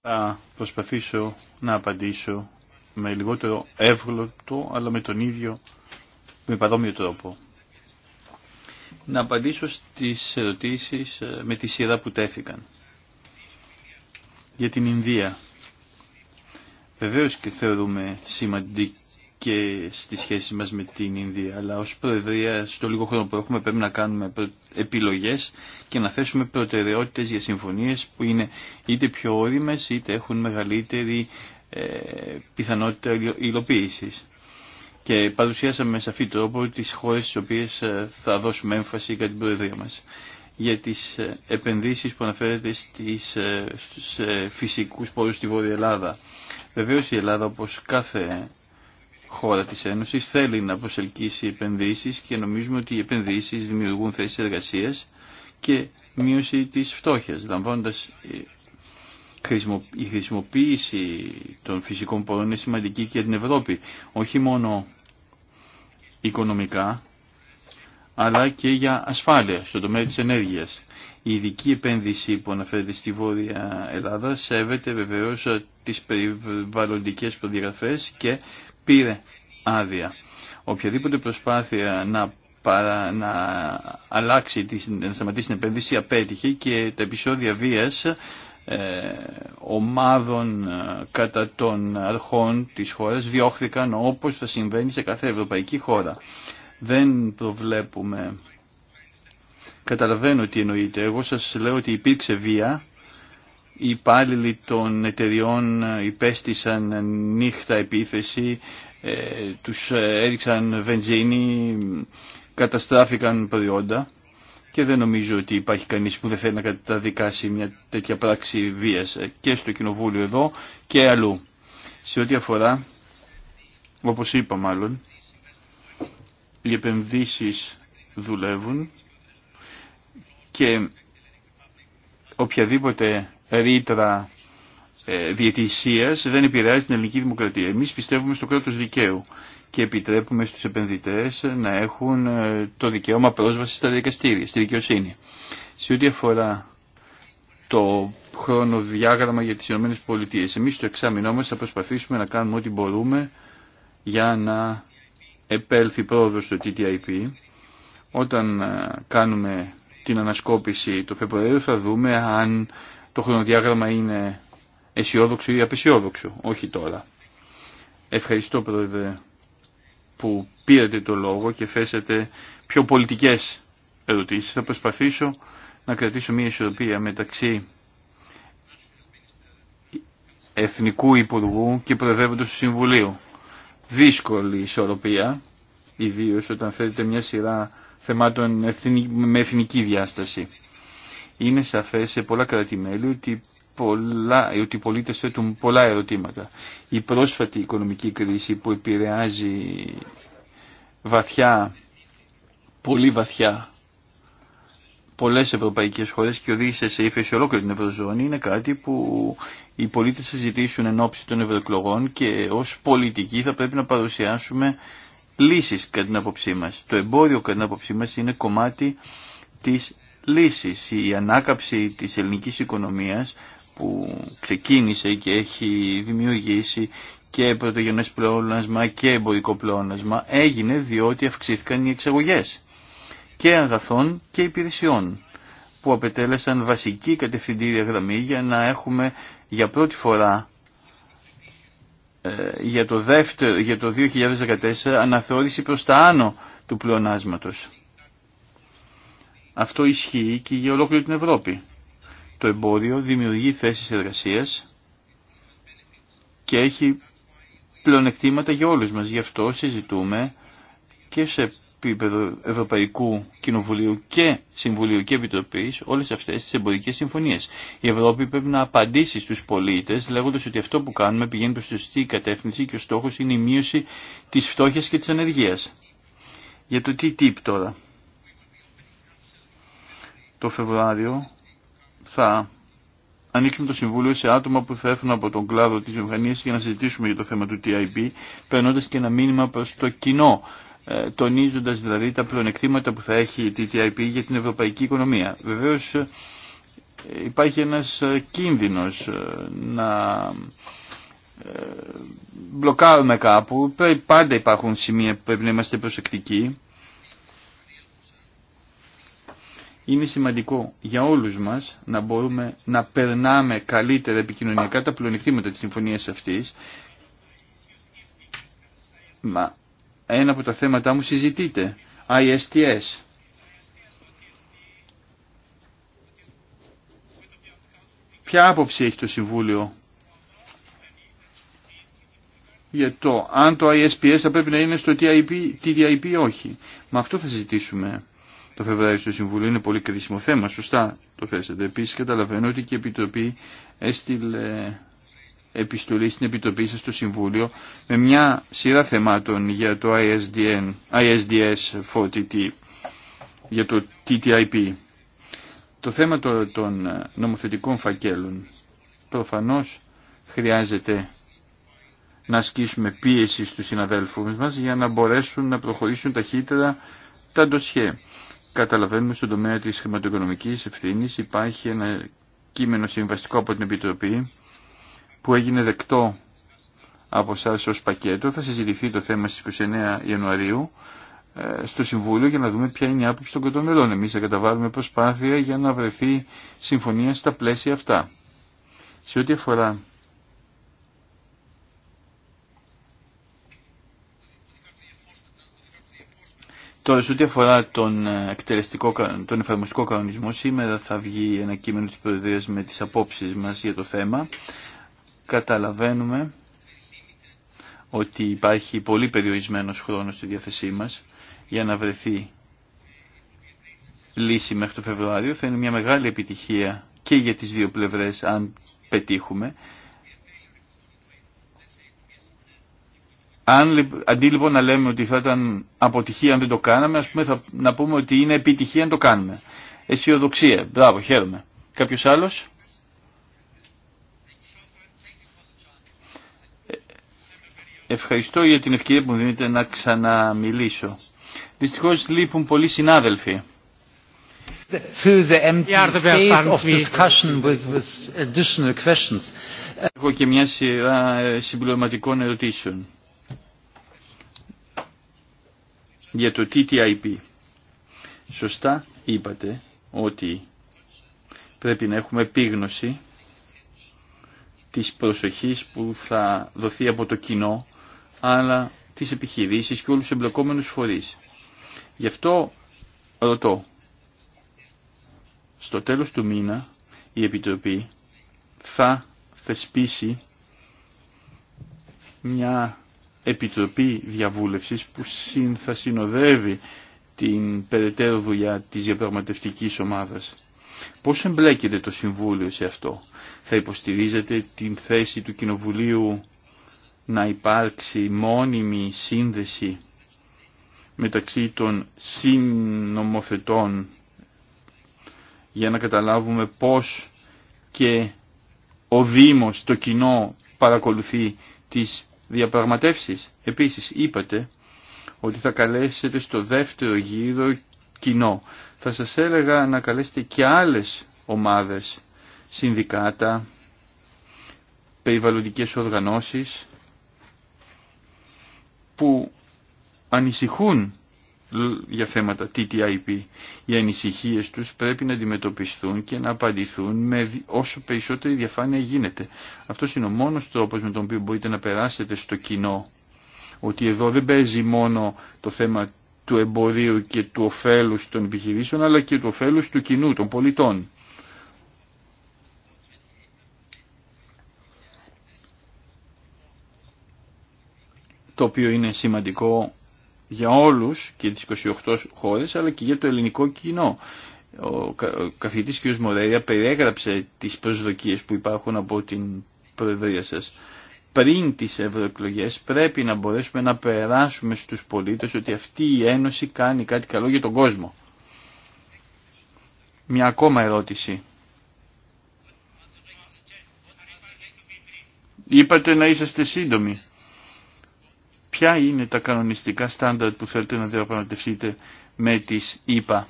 Θα προσπαθήσω να απαντήσω με λιγότερο εύγλωτο, αλλά με τον ίδιο, με παρόμοιο τρόπο. Να απαντήσω στις ερωτήσεις ε, με τη σειρά που τέθηκαν. Για την Ινδία. Βεβαίως και θεωρούμε σημαντική και στη σχέση μας με την Ινδία, αλλά ως Προεδρία στο λίγο χρόνο που έχουμε πρέπει να κάνουμε επιλογές και να θέσουμε προτεραιότητες για συμφωνίες που είναι είτε πιο όριμες είτε έχουν μεγαλύτερη ε, πιθανότητα υλοποίησης. Και παρουσιάσαμε σε σαφή τρόπο τις χώρες στις οποίες ε, θα δώσουμε έμφαση για την Προεδρία μας για τις ε, επενδύσεις που αναφέρεται στις, στους φυσικούς πόρους στη Βόρεια Ελλάδα. Βεβαίως η Ελλάδα όπως κάθε χώρα της Ένωσης θέλει να προσελκύσει επενδύσεις και νομίζουμε ότι οι επενδύσεις δημιουργούν θέσεις εργασίας και μείωση της φτώχειας, λαμβάνοντας ε, η χρησιμοποίηση των φυσικών πόρων είναι σημαντική και για την Ευρώπη, όχι μόνο οικονομικά, αλλά και για ασφάλεια στον τομέα της ενέργειας. Η ειδική επένδυση που αναφέρεται στη Βόρεια Ελλάδα σέβεται βεβαίως ε, τις περιβαλλοντικές προδιαγραφές και πήρε άδεια. Οποιαδήποτε προσπάθεια να, να αλλάξει, να σταματήσει την επένδυση απέτυχε και τα επεισόδια βίας ε, ομάδων ε, κατά των αρχών της χώρας διώχθηκαν όπως θα συμβαίνει σε κάθε ευρωπαϊκή χώρα. Δεν προβλέπουμε... Καταλαβαίνω τι εννοείται. Εγώ σας λέω ότι υπήρξε βία οι υπάλληλοι των εταιριών ε, υπέστησαν νύχτα επίθεση, ε, τους ε, έριξαν βενζίνη, καταστράφηκαν προϊόντα και δεν νομίζω ότι υπάρχει κανείς που δεν θέλει να καταδικάσει μια τέτοια πράξη βίας και στο κοινοβούλιο εδώ και αλλού. Σε ό,τι αφορά, όπως είπα μάλλον, οι επενδύσεις δουλεύουν και οποιαδήποτε ρήτρα ε, διαιτησία δεν επηρεάζει την ελληνική δημοκρατία. Εμείς πιστεύουμε στο κράτο δικαίου και επιτρέπουμε στου επενδυτέ να έχουν ε, το δικαίωμα πρόσβαση στα δικαστήρια, στη δικαιοσύνη. Σε ό,τι αφορά το χρονοδιάγραμμα για τις ΗΠΑ, εμεί το εξάμεινό μα θα προσπαθήσουμε να κάνουμε ό,τι μπορούμε για να επέλθει πρόοδο στο TTIP. Όταν ε, κάνουμε την ανασκόπηση το Φεβρουαρίου θα δούμε αν το χρονοδιάγραμμα είναι αισιόδοξο ή απεσιόδοξο, όχι τώρα. Ευχαριστώ πρόεδρε που πήρατε το λόγο και θέσατε πιο πολιτικές ερωτήσεις. Θα προσπαθήσω να κρατήσω μια ισορροπία μεταξύ Εθνικού Υπουργού και Προεδρεύοντος του Συμβουλίου. Δύσκολη ισορροπία, ιδίω όταν θέλετε μια σειρά θεμάτων με εθνική διάσταση είναι σαφές σε πολλά κρατημέλη ότι, πολλά, ότι οι πολίτες θέτουν πολλά ερωτήματα. Η πρόσφατη οικονομική κρίση που επηρεάζει βαθιά, πολύ βαθιά πολλές ευρωπαϊκές χώρες και οδήγησε σε ύφεση ολόκληρη την Ευρωζώνη είναι κάτι που οι πολίτες ζητήσουν εν ώψη των ευρωεκλογών και ως πολιτικοί θα πρέπει να παρουσιάσουμε λύσεις κατά την άποψή μας. Το εμπόριο κατά την άποψή μας είναι κομμάτι της λύσεις. Η ανάκαψη της ελληνικής οικονομίας που ξεκίνησε και έχει δημιουργήσει και πρωτογενές πλεόνασμα και εμπορικό πλεόνασμα έγινε διότι αυξήθηκαν οι εξαγωγές και αγαθών και υπηρεσιών που απετέλεσαν βασική κατευθυντήρια γραμμή για να έχουμε για πρώτη φορά ε, για το, δεύτερο, για το 2014 αναθεώρηση προς τα άνω του πλεονάσματος. Αυτό ισχύει και για ολόκληρη την Ευρώπη. Το εμπόριο δημιουργεί θέσεις εργασίας και έχει πλεονεκτήματα για όλους μας. Γι' αυτό συζητούμε και σε επίπεδο Ευρωπαϊκού Κοινοβουλίου και Συμβουλίου και Επιτροπής όλες αυτές τις εμπορικές συμφωνίες. Η Ευρώπη πρέπει να απαντήσει στους πολίτες λέγοντας ότι αυτό που κάνουμε πηγαίνει προς τη σωστή κατεύθυνση και ο στόχος είναι η μείωση της φτώχειας και της ανεργίας. Για το TTIP τώρα το Φεβρουάριο θα ανοίξουμε το Συμβούλιο σε άτομα που θα έρθουν από τον κλάδο της βιομηχανίας για να συζητήσουμε για το θέμα του TIP, περνώντα και ένα μήνυμα προς το κοινό, ε, τονίζοντας δηλαδή τα πλεονεκτήματα που θα έχει η TTIP για την ευρωπαϊκή οικονομία. Βεβαίως ε, υπάρχει ένας ε, κίνδυνος να μπλοκάρουμε κάπου, πάντα υπάρχουν σημεία που πρέπει να είμαστε προσεκτικοί είναι σημαντικό για όλους μας να μπορούμε να περνάμε καλύτερα επικοινωνιακά τα πλεονεκτήματα της συμφωνίας αυτής. Μα ένα από τα θέματα μου συζητείται. ISTS. Ποια άποψη έχει το Συμβούλιο για το αν το ISPS θα πρέπει να είναι στο TDIP ή όχι. Με αυτό θα συζητήσουμε το Φεβράριο στο Συμβουλίο είναι πολύ κρίσιμο θέμα. Σωστά το θέσατε. επίση, καταλαβαίνω ότι και η Επιτροπή έστειλε επιστολή στην Επιτροπή σα στο Συμβούλιο με μια σειρά θεμάτων για το ISDN, ISDS 4TT, για το TTIP. Το θέμα των νομοθετικών φακέλων προφανώς χρειάζεται να ασκήσουμε πίεση στους συναδέλφους μας για να μπορέσουν να προχωρήσουν ταχύτερα τα ντοσιέ καταλαβαίνουμε στον τομέα της χρηματοοικονομικής ευθύνης υπάρχει ένα κείμενο συμβαστικό από την Επιτροπή που έγινε δεκτό από εσά ως πακέτο. Θα συζητηθεί το θέμα στις 29 Ιανουαρίου ε, στο Συμβούλιο για να δούμε ποια είναι η άποψη των κρατών Εμείς θα καταβάλουμε προσπάθεια για να βρεθεί συμφωνία στα πλαίσια αυτά. Σε ό,τι αφορά Τώρα, σε ό,τι αφορά τον, ε, εκτελεστικό, τον εφαρμοστικό κανονισμό, σήμερα θα βγει ένα κείμενο της Προεδρίας με τις απόψεις μας για το θέμα. Καταλαβαίνουμε ότι υπάρχει πολύ περιορισμένος χρόνος στη διάθεσή μας για να βρεθεί λύση μέχρι το Φεβρουάριο. Θα είναι μια μεγάλη επιτυχία και για τις δύο πλευρές αν πετύχουμε Αν, αντί λοιπόν να λέμε ότι θα ήταν αποτυχία αν δεν το κάναμε, ας πούμε να πούμε ότι είναι επιτυχία αν το κάνουμε. Αισιοδοξία. Μπράβο, χαίρομαι. Κάποιος άλλος. Ε, ευχαριστώ για την ευκαιρία που μου δίνετε να ξαναμιλήσω. Δυστυχώς λείπουν πολλοί συνάδελφοι. Έχω και μια σειρά ε, συμπληρωματικών ερωτήσεων. για το TTIP. Σωστά είπατε ότι πρέπει να έχουμε επίγνωση της προσοχής που θα δοθεί από το κοινό, αλλά τις επιχειρήσεις και όλους τους εμπλεκόμενους φορείς. Γι' αυτό ρωτώ, στο τέλος του μήνα η Επιτροπή θα θεσπίσει μια επιτροπή διαβούλευσης που θα συνοδεύει την περαιτέρω δουλειά της διαπραγματευτικής ομάδας. Πώς εμπλέκεται το Συμβούλιο σε αυτό. Θα υποστηρίζετε την θέση του Κοινοβουλίου να υπάρξει μόνιμη σύνδεση μεταξύ των συνομοθετών για να καταλάβουμε πώς και ο Δήμος, το κοινό παρακολουθεί τις διαπραγματεύσεις. Επίσης είπατε ότι θα καλέσετε στο δεύτερο γύρο κοινό. Θα σας έλεγα να καλέσετε και άλλες ομάδες, συνδικάτα, περιβαλλοντικές οργανώσεις που ανησυχούν για θέματα TTIP. Οι ανησυχίε τους πρέπει να αντιμετωπιστούν και να απαντηθούν με όσο περισσότερη διαφάνεια γίνεται. Αυτός είναι ο μόνος τρόπος με τον οποίο μπορείτε να περάσετε στο κοινό ότι εδώ δεν παίζει μόνο το θέμα του εμπορίου και του ωφέλους των επιχειρήσεων αλλά και του ωφέλους του κοινού, των πολιτών. το οποίο είναι σημαντικό για όλους και τις 28 χώρες αλλά και για το ελληνικό κοινό. Ο καθηγητής κ. Μορέρια περιέγραψε τις προσδοκίες που υπάρχουν από την Προεδρία σας. Πριν τις ευρωεκλογέ πρέπει να μπορέσουμε να περάσουμε στους πολίτες ότι αυτή η Ένωση κάνει κάτι καλό για τον κόσμο. Μια ακόμα ερώτηση. Είπατε να είσαστε σύντομοι ποια είναι τα κανονιστικά στάνταρ που θέλετε να διαπραγματευτείτε με τις ΙΠΑ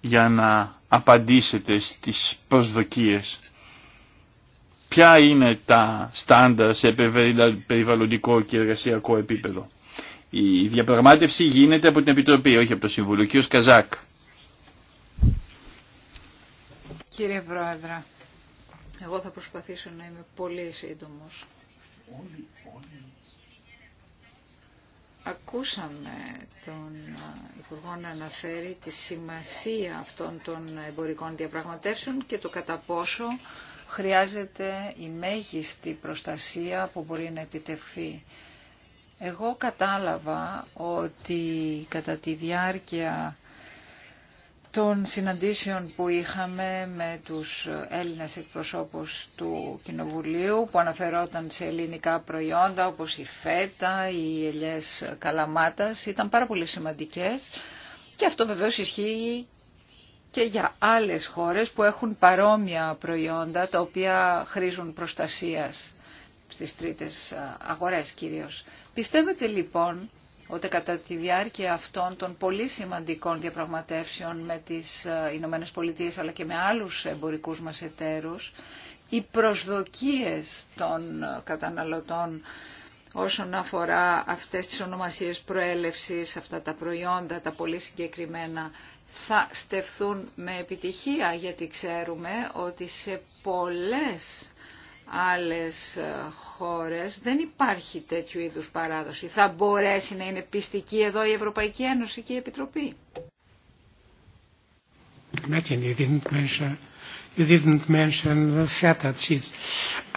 για να απαντήσετε στις προσδοκίες. Ποια είναι τα στάνταρ σε περιβαλλοντικό και εργασιακό επίπεδο. Η διαπραγμάτευση γίνεται από την Επιτροπή, όχι από το Συμβούλιο. Κύριος Καζάκ. Κύριε Πρόεδρε, εγώ θα προσπαθήσω να είμαι πολύ σύντομος. Ακούσαμε τον Υπουργό να αναφέρει τη σημασία αυτών των εμπορικών διαπραγματεύσεων και το κατά πόσο χρειάζεται η μέγιστη προστασία που μπορεί να επιτευχθεί. Εγώ κατάλαβα ότι κατά τη διάρκεια των συναντήσεων που είχαμε με τους Έλληνες εκπροσώπους του Κοινοβουλίου που αναφερόταν σε ελληνικά προϊόντα όπως η φέτα, οι ελιές καλαμάτας ήταν πάρα πολύ σημαντικές και αυτό βεβαίως ισχύει και για άλλες χώρες που έχουν παρόμοια προϊόντα τα οποία χρήζουν προστασίας στις τρίτες αγορές κυρίως. Πιστεύετε λοιπόν ότι κατά τη διάρκεια αυτών των πολύ σημαντικών διαπραγματεύσεων με τις ε, Ηνωμένες Πολιτείες αλλά και με άλλους εμπορικούς μας εταίρους, οι προσδοκίες των ε, καταναλωτών όσον αφορά αυτές τις ονομασίες προέλευσης, αυτά τα προϊόντα, τα πολύ συγκεκριμένα, θα στεφθούν με επιτυχία, γιατί ξέρουμε ότι σε πολλές άλλες ε, χώρες δεν υπάρχει τέτοιου είδους παράδοση. Θα μπορέσει να είναι πιστική εδώ η Ευρωπαϊκή Ένωση και η Επιτροπή.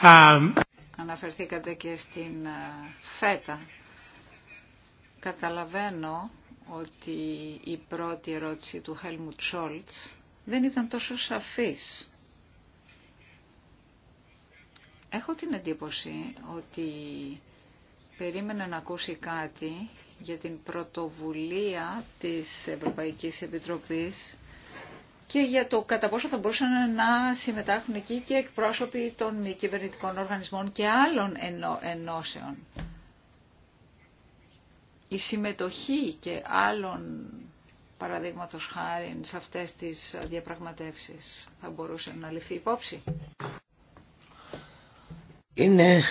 Um, Αναφερθήκατε και στην ε, φέτα. Καταλαβαίνω ότι η πρώτη ερώτηση του Χέλμουτ Σόλτς δεν ήταν τόσο σαφής. Έχω την εντύπωση ότι περίμενα να ακούσει κάτι για την πρωτοβουλία της Ευρωπαϊκής Επιτροπής και για το κατά πόσο θα μπορούσαν να συμμετάχουν εκεί και εκπρόσωποι των μη κυβερνητικών οργανισμών και άλλων ενώσεων. Η συμμετοχή και άλλων παραδείγματος χάρη σε αυτές τις διαπραγματεύσεις θα μπορούσε να ληφθεί υπόψη. Είναι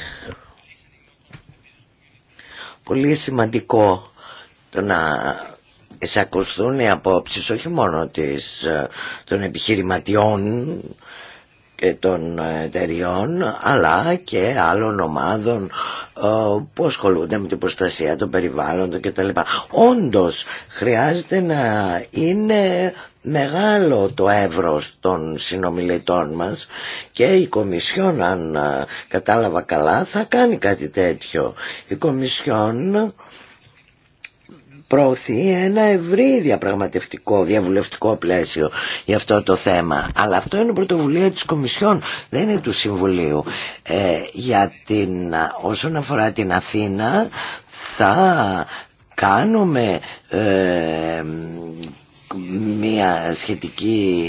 πολύ σημαντικό το να εισακουστούν οι απόψεις όχι μόνο της, των επιχειρηματιών και των εταιριών αλλά και άλλων ομάδων ε, που ασχολούνται με την προστασία των περιβάλλοντων κτλ. Όντως χρειάζεται να είναι μεγάλο το εύρος των συνομιλητών μας και η Κομισιόν αν κατάλαβα καλά θα κάνει κάτι τέτοιο. Η Κομισιόν προωθεί ένα ευρύ διαπραγματευτικό, διαβουλευτικό πλαίσιο για αυτό το θέμα. Αλλά αυτό είναι πρωτοβουλία της Κομισιόν, δεν είναι του Συμβουλίου. Ε, για την, όσον αφορά την Αθήνα θα κάνουμε... Ε, μια σχετική,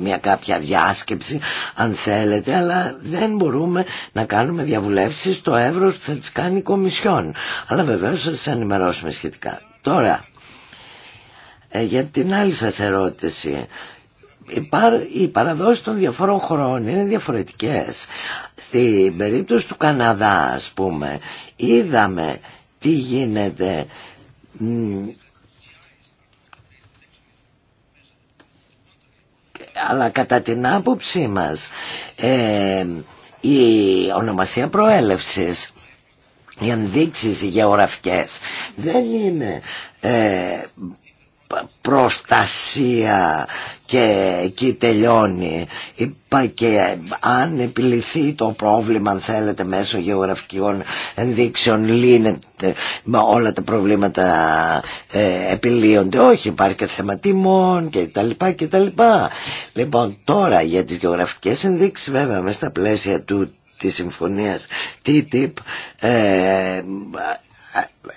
μια κάποια διάσκεψη αν θέλετε αλλά δεν μπορούμε να κάνουμε διαβουλεύσεις στο εύρος που θα τις κάνει η Κομισιόν αλλά βεβαίως θα σας ενημερώσουμε σχετικά τώρα ε, για την άλλη σας ερώτηση οι παραδόσεις των διαφόρων χωρών είναι διαφορετικές στην περίπτωση του Καναδά ας πούμε είδαμε τι γίνεται αλλά κατά την άποψή μας ε, η ονομασία προέλευσης οι ενδείξει για δεν είναι ε, προστασία και εκεί τελειώνει. Είπα και αν επιληθεί το πρόβλημα, αν θέλετε, μέσω γεωγραφικών ενδείξεων, λύνεται με όλα τα προβλήματα ε, επιλύονται. Όχι, υπάρχει και θέμα τιμών και τα λοιπά και τα λοιπά. Λοιπόν, τώρα για τις γεωγραφικές ενδείξεις, βέβαια, μέσα στα πλαίσια του της συμφωνίας TTIP ε,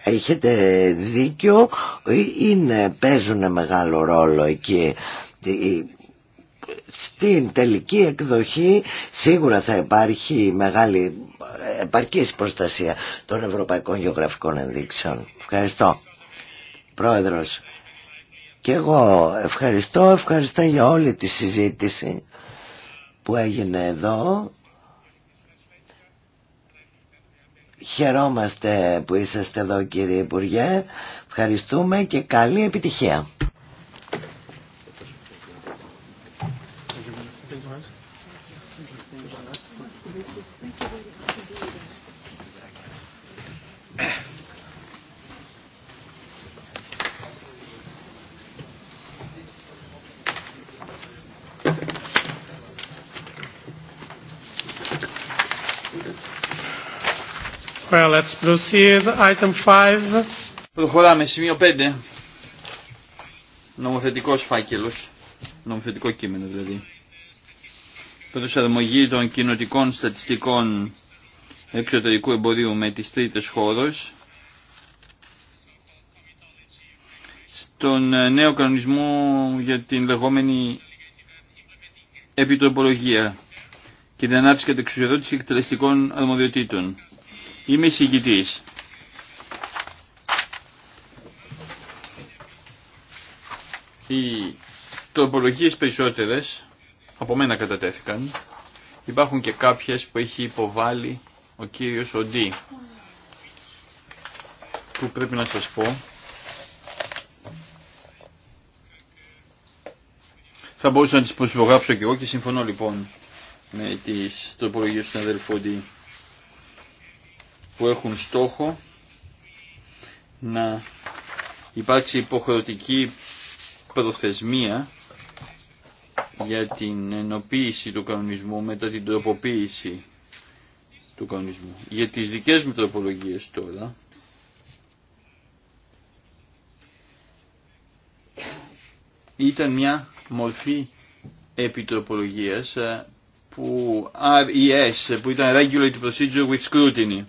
έχετε δίκιο ε, είναι, παίζουν μεγάλο ρόλο εκεί στην τελική εκδοχή σίγουρα θα υπάρχει μεγάλη επαρκής προστασία των ευρωπαϊκών γεωγραφικών ενδείξεων. Ευχαριστώ. Πρόεδρος, και εγώ ευχαριστώ, ευχαριστώ για όλη τη συζήτηση που έγινε εδώ. Χαιρόμαστε που είσαστε εδώ κύριε Υπουργέ. Ευχαριστούμε και καλή επιτυχία. Προχωράμε, σημείο 5. Νομοθετικός φάκελος. Νομοθετικό κείμενο δηλαδή. Προσαρμογή των κοινοτικών στατιστικών εξωτερικού εμπορίου με τις τρίτες χώρες στον ε, νέο κανονισμό για την λεγόμενη επιτροπολογία και την ανάπτυξη κατεξουσιοδότηση εκτελεστικών αρμοδιοτήτων. Είμαι εισηγητής. Οι τροπολογίες περισσότερες από μένα κατατέθηκαν. Υπάρχουν και κάποιες που έχει υποβάλει ο κύριος Οντί που πρέπει να σας πω θα μπορούσα να τις και εγώ και συμφωνώ λοιπόν με τις τροπολογίες του αδελφού Οντί που έχουν στόχο να υπάρξει υποχρεωτική προθεσμία για την ενοποίηση του κανονισμού μετά την τροποποίηση του κανονισμού. Για τις δικές μου τροπολογίες τώρα, ήταν μια μορφή επιτροπολογίας ε, που e που ήταν Regulated Procedure with Scrutiny.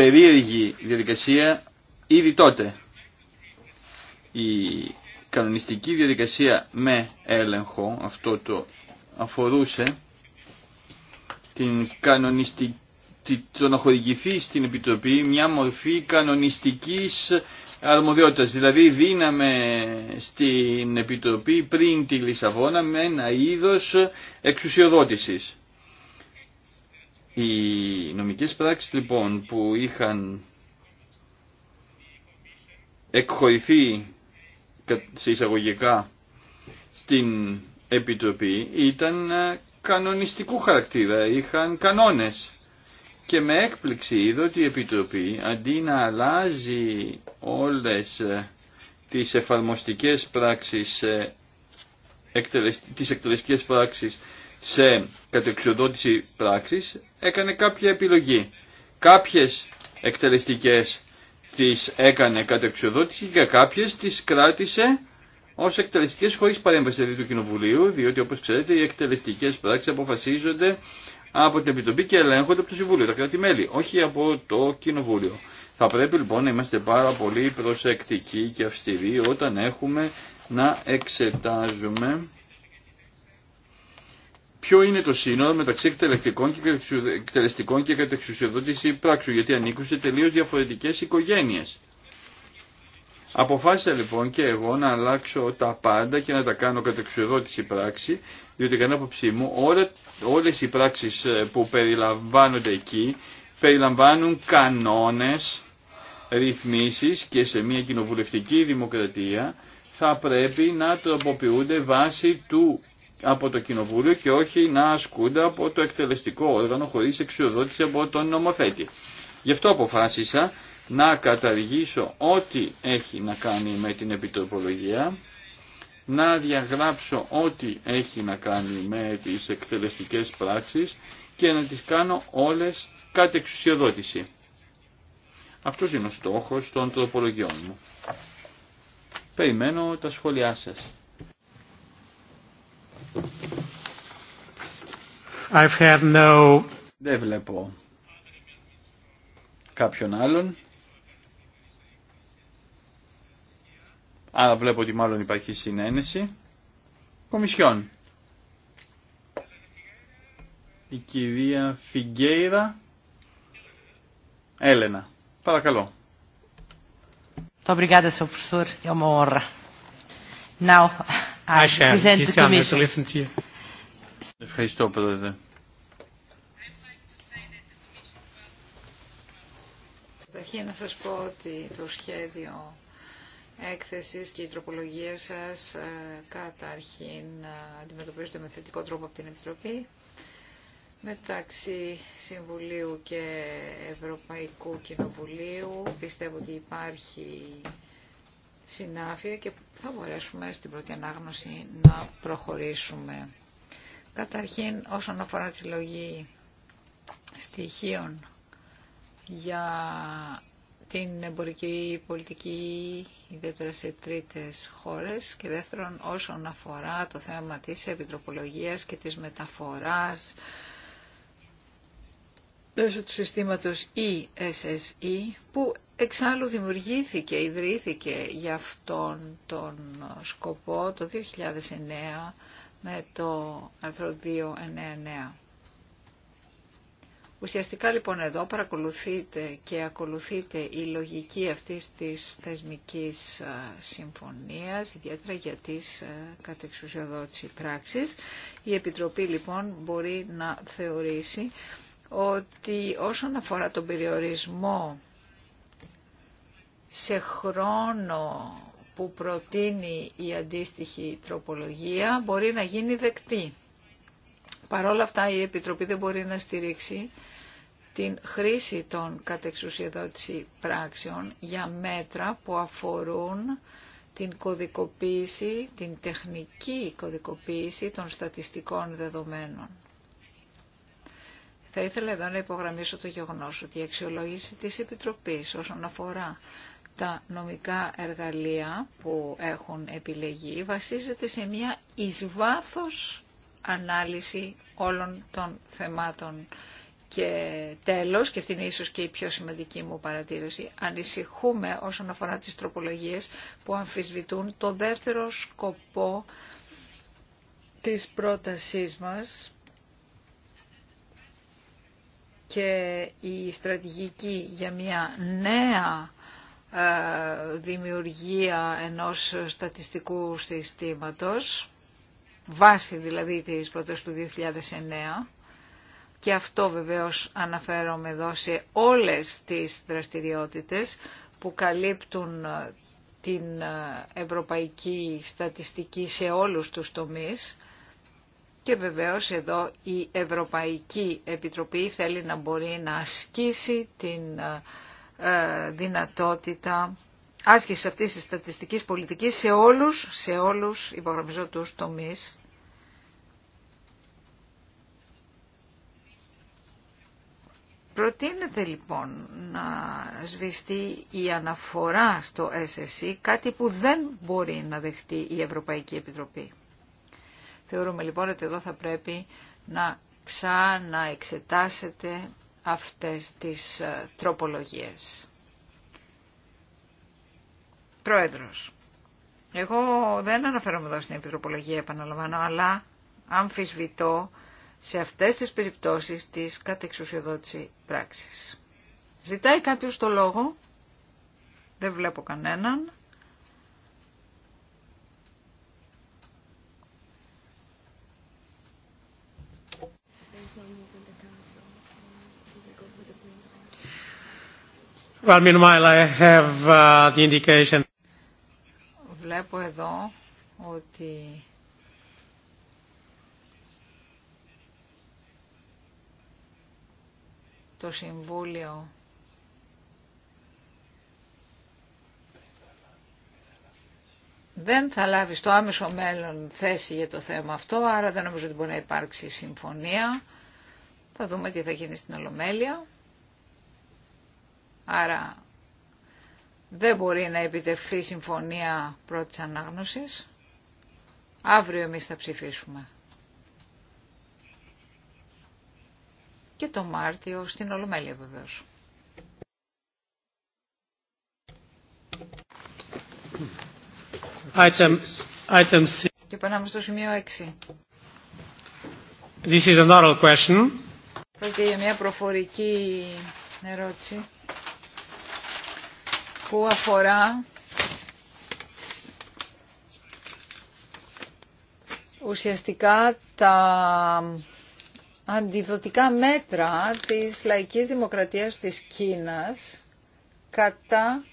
περίεργη διαδικασία ήδη τότε. Η κανονιστική διαδικασία με έλεγχο, αυτό το αφορούσε την κανονιστική το να χορηγηθεί στην Επιτροπή μια μορφή κανονιστικής αρμοδιότητας. Δηλαδή δίναμε στην Επιτροπή πριν τη Λισαβόνα με ένα είδος εξουσιοδότησης. Οι νομικές πράξεις λοιπόν που είχαν εκχωρηθεί σε εισαγωγικά στην Επιτροπή ήταν ε, κανονιστικού χαρακτήρα, είχαν κανόνες. Και με έκπληξη είδα ότι η Επιτροπή αντί να αλλάζει όλες ε, τις εφαρμοστικές πράξεις, ε, τις εκτελεστικές πράξεις σε κατεξοδότηση πράξης έκανε κάποια επιλογή. Κάποιες εκτελεστικές τις έκανε κατεξοδότηση και κάποιες τις κράτησε ως εκτελεστικές χωρίς παρέμβαση δηλαδή του Κοινοβουλίου, διότι όπως ξέρετε οι εκτελεστικές πράξεις αποφασίζονται από την Επιτροπή και ελέγχονται από το Συμβούλιο, τα κράτη-μέλη, όχι από το Κοινοβούλιο. Θα πρέπει λοιπόν να είμαστε πάρα πολύ προσεκτικοί και αυστηροί όταν έχουμε να εξετάζουμε ποιο είναι το σύνολο μεταξύ εκτελεστικών και, εκτελεστικών και κατεξουσιοδότηση πράξου, γιατί ανήκουν σε τελείω διαφορετικές οικογένειες. Αποφάσισα λοιπόν και εγώ να αλλάξω τα πάντα και να τα κάνω κατεξουσιοδότηση πράξη, διότι κατά άποψή μου όλε όλες οι πράξει ε, που περιλαμβάνονται εκεί περιλαμβάνουν κανόνε ρυθμίσει και σε μια κοινοβουλευτική δημοκρατία θα πρέπει να τροποποιούνται βάσει του από το Κοινοβούλιο και όχι να ασκούνται από το εκτελεστικό όργανο χωρίς εξουδότηση από τον νομοθέτη. Γι' αυτό αποφάσισα να καταργήσω ό,τι έχει να κάνει με την επιτροπολογία, να διαγράψω ό,τι έχει να κάνει με τις εκτελεστικές πράξεις και να τις κάνω όλες κάτι εξουσιοδότηση. Αυτός είναι ο στόχος των τροπολογιών μου. Περιμένω τα σχόλιά σας. Δεν βλέπω κάποιον άλλον. Άρα βλέπω ότι μάλλον υπάρχει συνένεση. Κομισιόν. Η κυρία Φιγκέιρα. Έλενα. Παρακαλώ. Muito Ευχαριστώ, Πρόεδρε. Καταρχήν να σας πω ότι το σχέδιο έκθεσης και η τροπολογία σας καταρχήν αντιμετωπίζονται με θετικό τρόπο από την Επιτροπή. Μεταξύ Συμβουλίου και Ευρωπαϊκού Κοινοβουλίου πιστεύω ότι υπάρχει συνάφεια και θα μπορέσουμε στην πρώτη ανάγνωση να προχωρήσουμε. Καταρχήν όσον αφορά τη συλλογή στοιχείων για την εμπορική πολιτική, ιδιαίτερα σε τρίτες χώρες και δεύτερον όσον αφορά το θέμα της επιτροπολογίας και της μεταφοράς μέσω του συστήματος ESSE e, που Εξάλλου δημιουργήθηκε, ιδρύθηκε για αυτόν τον σκοπό το 2009 με το άρθρο 299. Ουσιαστικά λοιπόν εδώ παρακολουθείτε και ακολουθείτε η λογική αυτής της θεσμικής ε, συμφωνίας, ιδιαίτερα για τις ε, κατεξουσιοδότηση πράξεις. Η Επιτροπή λοιπόν μπορεί να θεωρήσει ότι όσον αφορά τον περιορισμό σε χρόνο που προτείνει η αντίστοιχη τροπολογία μπορεί να γίνει δεκτή. Παρόλα αυτά η Επιτροπή δεν μπορεί να στηρίξει την χρήση των κατεξουσιοδότηση πράξεων για μέτρα που αφορούν την κωδικοποίηση, την τεχνική κωδικοποίηση των στατιστικών δεδομένων. Θα ήθελα εδώ να υπογραμμίσω το γεγονός ότι η αξιολόγηση της Επιτροπής όσον αφορά τα νομικά εργαλεία που έχουν επιλεγεί βασίζεται σε μια εις ανάλυση όλων των θεμάτων. Και τέλος, και αυτή είναι ίσως και η πιο σημαντική μου παρατήρηση, ανησυχούμε όσον αφορά τις τροπολογίες που αμφισβητούν το δεύτερο σκοπό της πρότασής μας και η στρατηγική για μια νέα ε, δημιουργία ενός στατιστικού συστήματος, βάση δηλαδή της πρωτός του 2009, και αυτό βεβαίως αναφέρομαι εδώ σε όλες τις δραστηριότητες που καλύπτουν ε, την ε, ευρωπαϊκή στατιστική σε όλους τους τομείς και βεβαίως εδώ η Ευρωπαϊκή Επιτροπή θέλει να μπορεί να ασκήσει την ε, δυνατότητα άσκηση αυτής της στατιστικής πολιτικής σε όλους, σε όλους υπογραμμιζώ τους τομείς. Προτείνεται λοιπόν να σβηστεί η αναφορά στο SSE, κάτι που δεν μπορεί να δεχτεί η Ευρωπαϊκή Επιτροπή. Θεωρούμε λοιπόν ότι εδώ θα πρέπει να ξαναεξετάσετε αυτές τις ε, τροπολογίες. Πρόεδρος, εγώ δεν αναφέρομαι εδώ στην επιτροπολογία, επαναλαμβάνω, αλλά αμφισβητώ σε αυτές τις περιπτώσεις της κατεξουσιοδότηση πράξης. Ζητάει κάποιος το λόγο, δεν βλέπω κανέναν. Uh, Βλέπω εδώ ότι το Συμβούλιο δεν θα λάβει στο άμεσο μέλλον θέση για το θέμα αυτό, άρα δεν νομίζω ότι μπορεί να υπάρξει συμφωνία. Θα δούμε τι θα γίνει στην Ολομέλεια. Άρα δεν μπορεί να επιτευχθεί συμφωνία πρώτης ανάγνωσης. Αύριο εμείς θα ψηφίσουμε. Και το Μάρτιο στην Ολομέλεια βεβαίως. Και περνάμε στο σημείο 6. This is an oral question. Πρόκειται για μια προφορική ερώτηση που αφορά ουσιαστικά τα αντιδοτικά μέτρα της λαϊκής δημοκρατίας της Κίνας κατά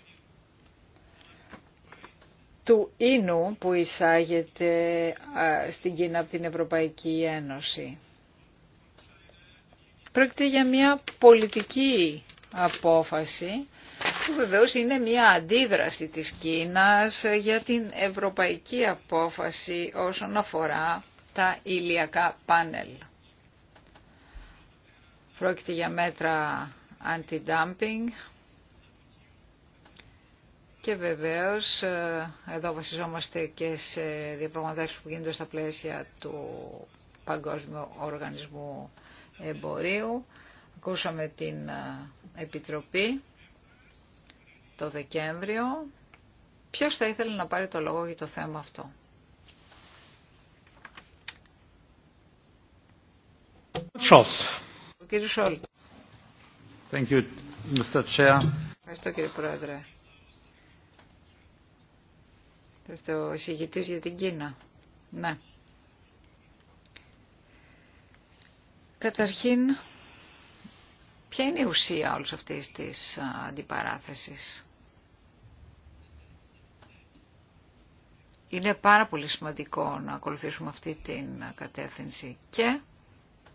του ίνου που εισάγεται στην Κίνα από την Ευρωπαϊκή Ένωση. Πρόκειται για μια πολιτική απόφαση που βεβαίως είναι μια αντίδραση της Κίνας για την ευρωπαϊκή απόφαση όσον αφορά τα ηλιακά πάνελ. Πρόκειται για μέτρα anti-dumping και βεβαίως ε, εδώ βασιζόμαστε και σε διαπραγματεύσεις που γίνονται στα πλαίσια του Παγκόσμιου Οργανισμού Εμπορίου. Ακούσαμε την ε, Επιτροπή το Δεκέμβριο. Ποιος θα ήθελε να πάρει το λόγο για το θέμα αυτό. Ο κύριος Σόλτ. Thank you, Mr. Chair. Ευχαριστώ κύριε Πρόεδρε. Είστε ο εισηγητής για την Κίνα. Ναι. Καταρχήν, ποια είναι η ουσία όλης αυτής της αντιπαράθεσης. Είναι πάρα πολύ σημαντικό να ακολουθήσουμε αυτή την κατεύθυνση. Και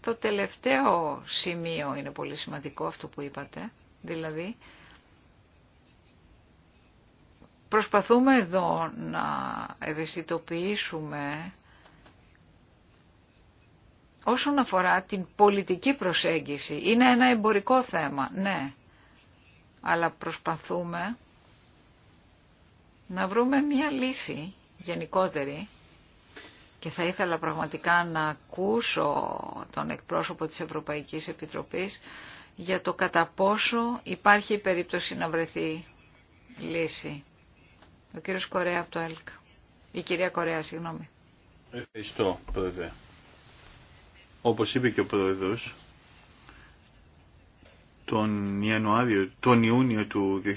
το τελευταίο σημείο είναι πολύ σημαντικό αυτό που είπατε. Δηλαδή, προσπαθούμε εδώ να ευαισθητοποιήσουμε όσον αφορά την πολιτική προσέγγιση. Είναι ένα εμπορικό θέμα, ναι. Αλλά προσπαθούμε να βρούμε μια λύση γενικότερη και θα ήθελα πραγματικά να ακούσω τον εκπρόσωπο της Ευρωπαϊκής Επιτροπής για το κατά πόσο υπάρχει η περίπτωση να βρεθεί λύση. Ο κύριος Κορέα από το ΕΛΚ. Η κυρία Κορέα, συγγνώμη. Ευχαριστώ, Πρόεδρε. Όπως είπε και ο Πρόεδρος, τον, Ιανουάριο, τον Ιούνιο του 2013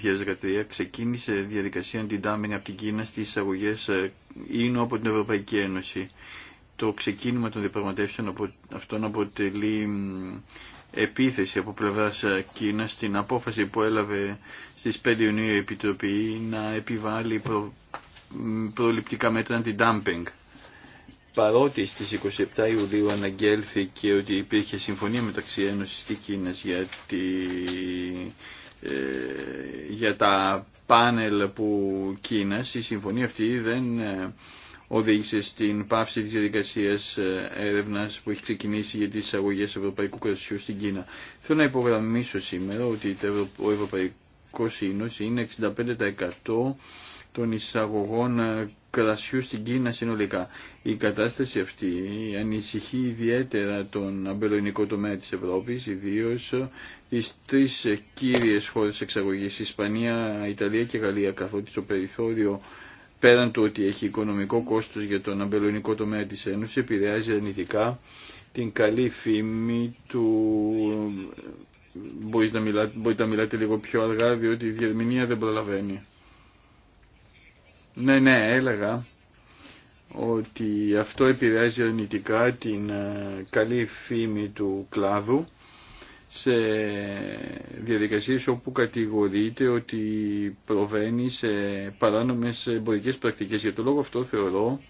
ξεκίνησε διαδικασία αντιτάμενη από την Κίνα στις εισαγωγές ε, ίνου από την Ευρωπαϊκή Ένωση. Το ξεκίνημα των διαπραγματεύσεων από, αυτών αποτελεί επίθεση από πλευράς ε, Κίνας στην απόφαση που έλαβε στις 5 Ιουνίου η Επιτροπή να επιβάλλει προληπτικά μέτρα αντι-dumping παρότι στις 27 Ιουλίου αναγγέλθηκε ότι υπήρχε συμφωνία μεταξύ Ένωσης και Κίνας για, ε, για τα πάνελ που Κίνας, η συμφωνία αυτή δεν ε, οδήγησε στην πάυση της διαδικασία ε, έρευνας που έχει ξεκινήσει για τις εισαγωγές ευρωπαϊκού κρασιού στην Κίνα. Θέλω να υπογραμμίσω σήμερα ότι ο Ευρωπαϊκός Ίνος είναι 65% των εισαγωγών κρασιού στην συνολικά. Η κατάσταση αυτή ανησυχεί ιδιαίτερα τον αμπελοϊνικό τομέα της Ευρώπης, ιδίως τις τρεις κύριες χώρες εξαγωγής, Ισπανία, Ιταλία και Γαλλία, καθότι το περιθώριο πέραν του ότι έχει οικονομικό κόστος για τον αμπελοϊνικό τομέα της Ένωσης, επηρεάζει αρνητικά την καλή φήμη του... μπορείτε να μιλάτε λίγο πιο αργά διότι η διερμηνία δεν προλαβαίνει. Ναι, ναι, έλεγα ότι αυτό επηρεάζει αρνητικά την ε, καλή φήμη του κλάδου σε διαδικασίες όπου κατηγορείται ότι προβαίνει σε παράνομες εμπορικές πρακτικές. Για το λόγο αυτό θεωρώ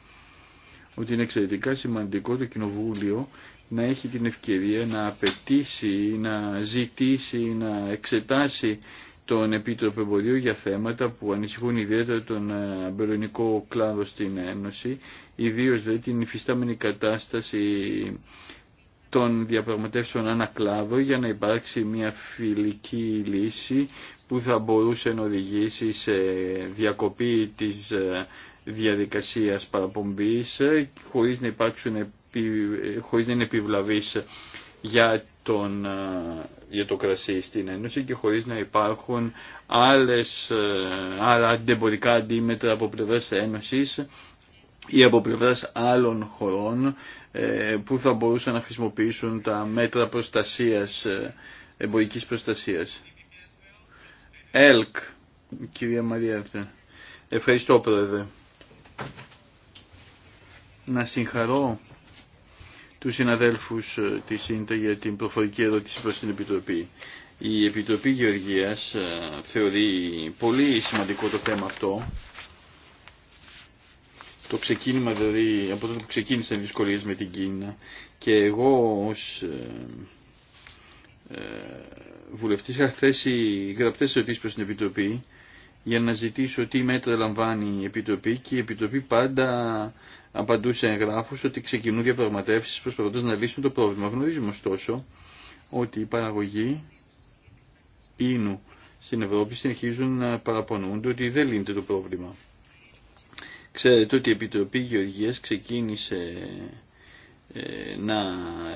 ότι είναι εξαιρετικά σημαντικό το Κοινοβούλιο να έχει την ευκαιρία να απαιτήσει, να ζητήσει, να εξετάσει τον Επίτροπο Εμπορίου για θέματα που ανησυχούν ιδιαίτερα τον ε, αμπελονικό κλάδο στην Ένωση, ιδίως δε την υφιστάμενη κατάσταση των διαπραγματεύσεων κλάδο για να υπάρξει μια φιλική λύση που θα μπορούσε να οδηγήσει σε διακοπή της ε, διαδικασίας παραπομπής ε, χωρίς να, υπάρξουν, χωρίς να είναι επιβλαβής για, τον, ε, για το κρασί στην Ένωση και χωρίς να υπάρχουν άλλες, ε, άλλα αντιμπορικά αντίμετρα από πλευράς Ένωσης ή από πλευράς άλλων χωρών ε, που θα μπορούσαν να χρησιμοποιήσουν τα μέτρα προστασίας, εμπορικής προστασίας. ΕΛΚ, κυρία Μαρία, Ευχαριστώ πρόεδρε. Να συγχαρώ του συναδέλφου ε, της ΣΥΝΤΑ για την προφορική ερώτηση προ την Επιτροπή. Η Επιτροπή Γεωργίας ε, θεωρεί πολύ σημαντικό το θέμα αυτό. Το ξεκίνημα δηλαδή, από τότε που ξεκίνησαν οι δυσκολίε με την Κίνα και εγώ ως ε, ε βουλευτής είχα θέσει γραπτές ερωτήσει προς την Επιτροπή για να ζητήσω τι μέτρα λαμβάνει η Επιτροπή και η Επιτροπή πάντα απαντούσε εγγράφους ότι ξεκινούν διαπραγματεύσεις προσπαθώντας να λύσουν το πρόβλημα. Γνωρίζουμε ωστόσο ότι οι παραγωγή ίνου στην Ευρώπη συνεχίζουν να παραπονούνται ότι δεν λύνεται το πρόβλημα. Ξέρετε ότι η Επιτροπή Γεωργίας ξεκίνησε ε, να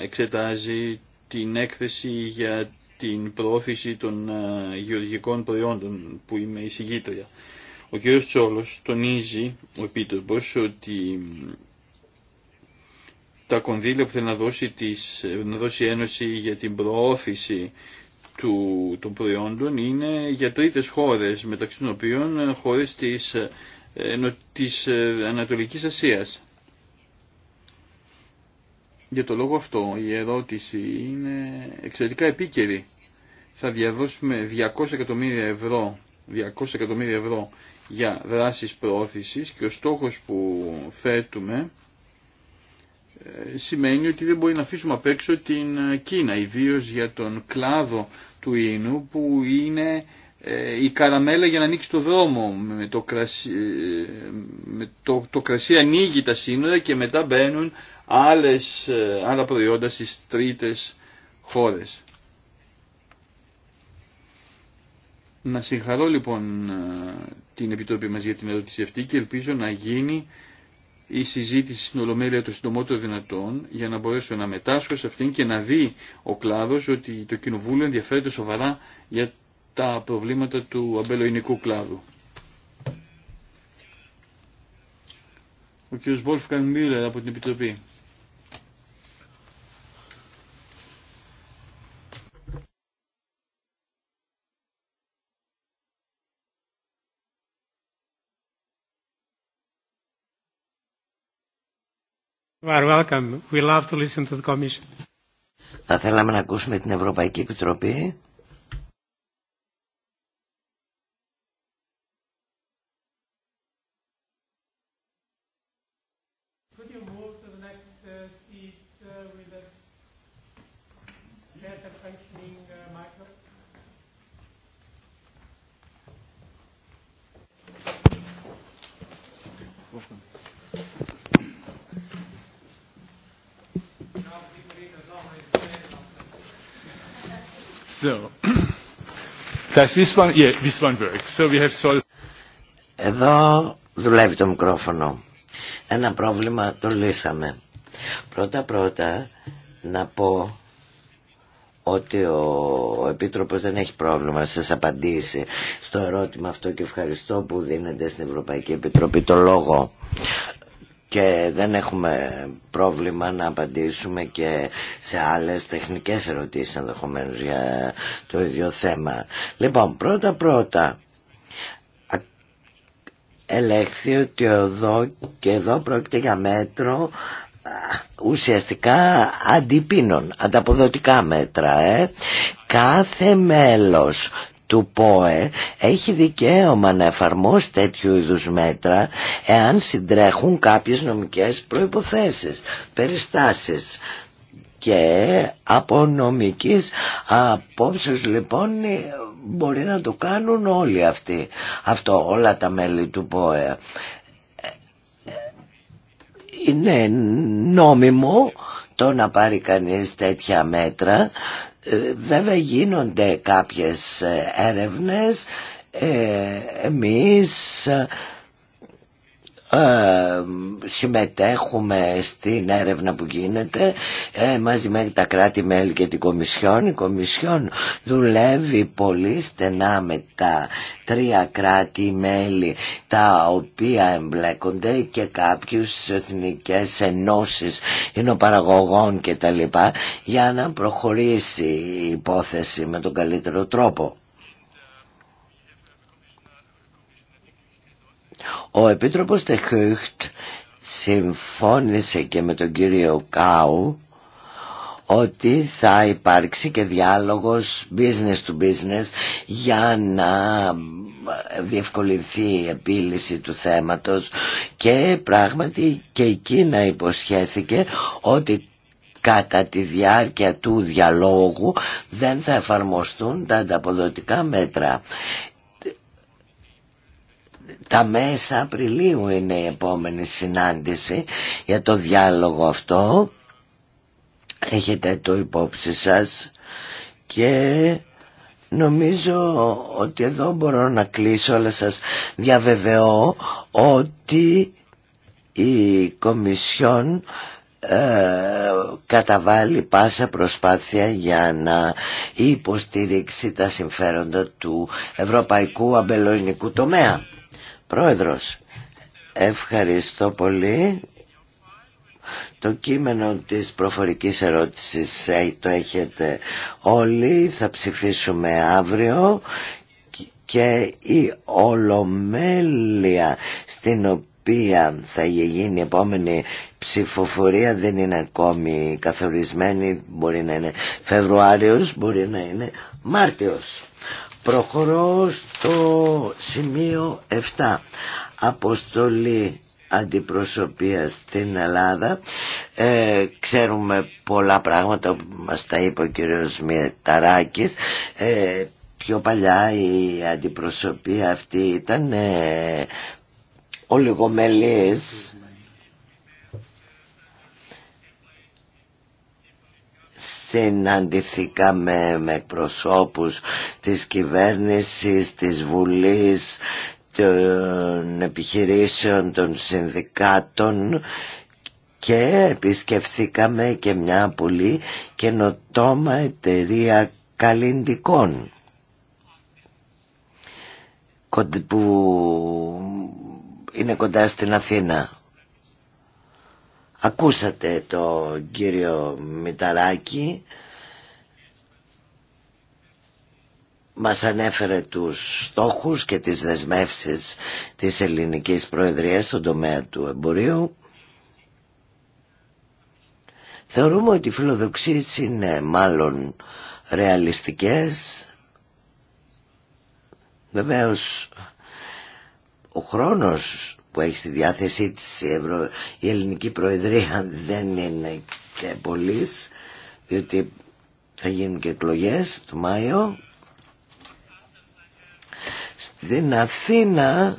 εξετάζει την έκθεση για την προώθηση των ε, γεωργικών προϊόντων που είμαι εισηγήτρια. Ο κ. Τσόλος τονίζει, ο Επίτροπος, ότι τα κονδύλια που θέλει να δώσει, της, να δώσει Ένωση για την προώθηση του, των προϊόντων είναι για τρίτες χώρες, μεταξύ των οποίων ε, χώρες της, ε, της Ανατολικής Ασίας. Για το λόγο αυτό η ερώτηση είναι εξαιρετικά επίκαιρη. Θα διαδώσουμε 200 εκατομμύρια ευρώ, 200 εκατομμύρια ευρώ για δράσεις προώθησης και ο στόχος που θέτουμε ε, σημαίνει ότι δεν μπορεί να αφήσουμε απ' έξω την ε, Κίνα, ιδίω για τον κλάδο του ίνου που είναι ε, η καραμέλα για να ανοίξει το δρόμο. Με το, κρασί, με το, το κρασί ανοίγει τα σύνορα και μετά μπαίνουν άλλες, ε, άλλα προϊόντα στις τρίτες χώρες. Να συγχαρώ λοιπόν ε, την Επιτροπή μας για την ερώτηση αυτή και ελπίζω να γίνει η συζήτηση στην Ολομέλεια το συντομότερο δυνατόν για να μπορέσω να μετάσχω σε αυτήν και να δει ο κλάδος ότι το Κοινοβούλιο ενδιαφέρεται σοβαρά για τα προβλήματα του αμπελοϊνικού κλάδου. Ο κ. Βόλφκαν από την Επιτροπή. welcome. We love to listen to the Commission. Θα θέλαμε να ακούσουμε την Ευρωπαϊκή Επιτροπή. functioning So, So we have Εδώ δουλεύει το μικρόφωνο. Ένα πρόβλημα το λύσαμε. Πρώτα πρώτα να πω ότι ο Επίτροπος δεν έχει πρόβλημα να σας απαντήσει στο ερώτημα αυτό και ευχαριστώ που δίνετε στην Ευρωπαϊκή Επιτροπή το λόγο και δεν έχουμε πρόβλημα να απαντήσουμε και σε άλλες τεχνικές ερωτήσεις ενδεχομένω για το ίδιο θέμα. Λοιπόν, πρώτα πρώτα ελέγχθη ότι εδώ και εδώ πρόκειται για μέτρο ουσιαστικά αντιπίνων, ανταποδοτικά μέτρα. Ε. Κάθε μέλος του ΠΟΕ έχει δικαίωμα να εφαρμόσει τέτοιου είδους μέτρα εάν συντρέχουν κάποιες νομικές προϋποθέσεις, περιστάσεις και από νομικής απόψεως λοιπόν μπορεί να το κάνουν όλοι αυτοί, αυτό όλα τα μέλη του ΠΟΕ. Είναι νόμιμο το να πάρει κανείς τέτοια μέτρα ε, βέβαια γίνονται κάποιες ε, έρευνες, ε, εμείς ε, συμμετέχουμε στην έρευνα που γίνεται ε, μαζί με τα κράτη-μέλη και την Κομισιόν. Η Κομισιόν δουλεύει πολύ στενά με τα τρία κράτη-μέλη τα οποία εμπλέκονται και κάποιους εθνικές ενώσεις εινοπαραγωγών και τα για να προχωρήσει η υπόθεση με τον καλύτερο τρόπο. Ο Επίτροπος Τεχούχτ συμφώνησε και με τον κύριο Κάου ότι θα υπάρξει και διάλογος business to business για να διευκολυνθεί η επίλυση του θέματος και πράγματι και εκείνα να υποσχέθηκε ότι κατά τη διάρκεια του διαλόγου δεν θα εφαρμοστούν τα ανταποδοτικά μέτρα τα μέσα Απριλίου είναι η επόμενη συνάντηση για το διάλογο αυτό. Έχετε το υπόψη σας και νομίζω ότι εδώ μπορώ να κλείσω αλλά σας διαβεβαιώ ότι η Κομισιόν ε, καταβάλει πάσα προσπάθεια για να υποστηρίξει τα συμφέροντα του ευρωπαϊκού αμπελοϊνικού τομέα. Πρόεδρος, ευχαριστώ πολύ. Το κείμενο της προφορικής ερώτησης ε, το έχετε όλοι, θα ψηφίσουμε αύριο και η ολομέλεια στην οποία θα γίνει η επόμενη ψηφοφορία δεν είναι ακόμη καθορισμένη, μπορεί να είναι Φεβρουάριος, μπορεί να είναι Μάρτιος. Προχωρώ στο σημείο 7. Αποστολή αντιπροσωπεία στην Ελλάδα. Ε, ξέρουμε πολλά πράγματα που μας τα είπε ο κύριος Μιταράκης. Ε, πιο παλιά η αντιπροσωπεία αυτή ήταν ε, ολιγομελής συναντηθήκαμε με προσώπους της κυβέρνησης, της Βουλής, των επιχειρήσεων, των συνδικάτων και επισκεφθήκαμε και μια πολύ καινοτόμα εταιρεία καλλιντικών που είναι κοντά στην Αθήνα. Ακούσατε το κύριο Μηταράκη μας ανέφερε τους στόχους και τις δεσμεύσεις της ελληνικής προεδρίας στον τομέα του εμπορίου. Θεωρούμε ότι οι φιλοδοξίες είναι μάλλον ρεαλιστικές. Βεβαίως ο χρόνος που έχει στη διάθεσή της η, η ελληνική προεδρία δεν είναι και πολλής διότι θα γίνουν και εκλογές το Μάιο στην Αθήνα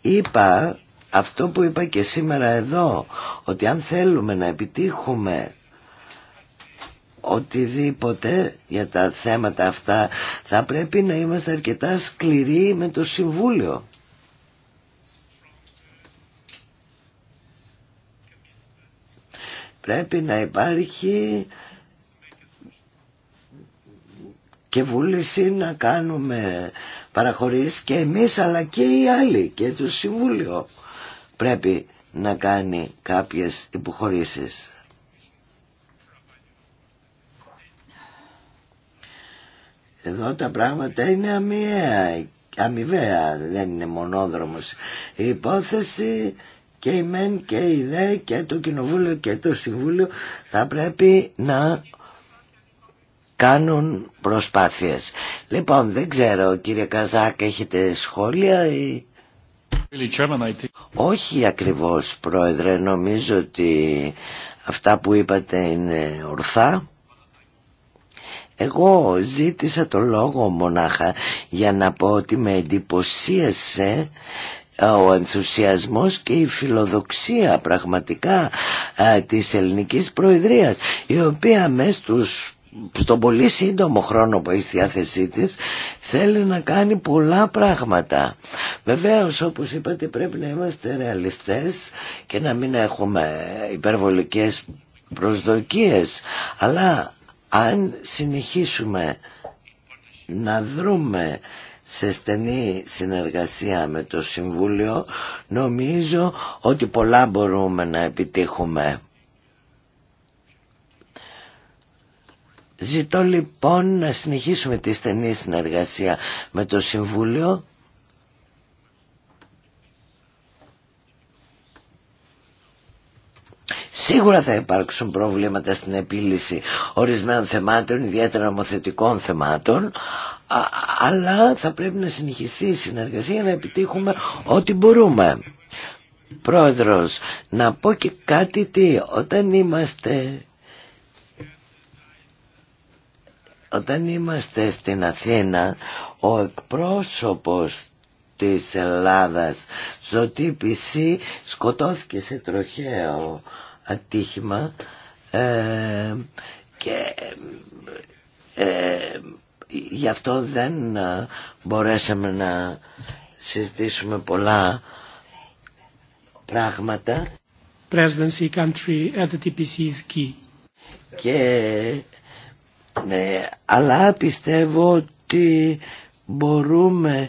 είπα αυτό που είπα και σήμερα εδώ ότι αν θέλουμε να επιτύχουμε οτιδήποτε για τα θέματα αυτά θα πρέπει να είμαστε αρκετά σκληροί με το Συμβούλιο πρέπει να υπάρχει και βούληση να κάνουμε παραχωρήσεις και εμείς αλλά και οι άλλοι και το Συμβούλιο πρέπει να κάνει κάποιες υποχωρήσεις. Εδώ τα πράγματα είναι αμοιβαία, δεν είναι μονόδρομος. Η υπόθεση και η ΜΕΝ και η ΔΕ και το Κοινοβούλιο και το Συμβούλιο θα πρέπει να κάνουν προσπάθειες. Λοιπόν, δεν ξέρω, κύριε Καζάκ, έχετε σχόλια ή... Όχι ακριβώς, πρόεδρε, νομίζω ότι αυτά που είπατε είναι ορθά. Εγώ ζήτησα το λόγο μονάχα για να πω ότι με εντυπωσίασε ο ενθουσιασμός και η φιλοδοξία πραγματικά της ελληνικής προεδρίας η οποία μέσα στον πολύ σύντομο χρόνο που έχει στη διάθεσή της θέλει να κάνει πολλά πράγματα. Βεβαίως όπως είπατε πρέπει να είμαστε ρεαλιστές και να μην έχουμε υπερβολικές προσδοκίες αλλά αν συνεχίσουμε να δρούμε σε στενή συνεργασία με το Συμβούλιο νομίζω ότι πολλά μπορούμε να επιτύχουμε. Ζητώ λοιπόν να συνεχίσουμε τη στενή συνεργασία με το Συμβούλιο Σίγουρα θα υπάρξουν προβλήματα στην επίλυση ορισμένων θεμάτων, ιδιαίτερα νομοθετικών θεμάτων, αλλά θα πρέπει να συνεχιστεί η συνεργασία για να επιτύχουμε ό,τι μπορούμε. Πρόεδρος, να πω και κάτι τι, όταν είμαστε... Όταν είμαστε στην Αθήνα, ο εκπρόσωπος της Ελλάδας στο TPC σκοτώθηκε σε τροχαίο ατύχημα ε, και ε, γι' αυτό δεν ε, μπορέσαμε να συζητήσουμε πολλά πράγματα. country at the Και, ναι, αλλά πιστεύω ότι μπορούμε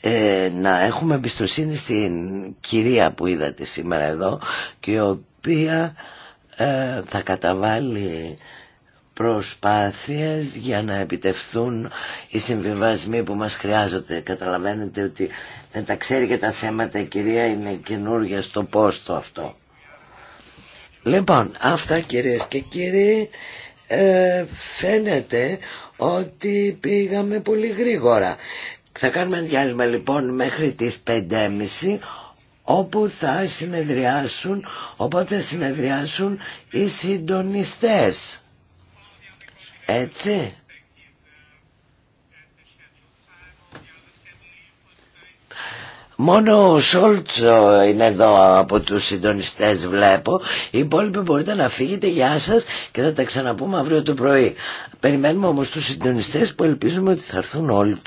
ε, να έχουμε εμπιστοσύνη στην κυρία που είδατε σήμερα εδώ και η οποία ε, θα καταβάλει προσπάθειες για να επιτευθούν οι συμβιβασμοί που μας χρειάζονται. Καταλαβαίνετε ότι δεν τα ξέρει και τα θέματα η κυρία είναι καινούργια στο πόστο αυτό. Λοιπόν, αυτά κυρίες και κύριοι ε, φαίνεται ότι πήγαμε πολύ γρήγορα. Θα κάνουμε διάλειμμα λοιπόν μέχρι τις 5.30 όπου θα συνεδριάσουν, οπότε συνεδριάσουν οι συντονιστές. Έτσι. Μόνο ο Σόλτσο ε, είναι εδώ από τους συντονιστές βλέπω. Οι υπόλοιποι μπορείτε να φύγετε. Γεια σας και θα τα ξαναπούμε αύριο το πρωί. Περιμένουμε όμως τους συντονιστές που ελπίζουμε ότι θα έρθουν όλοι τους.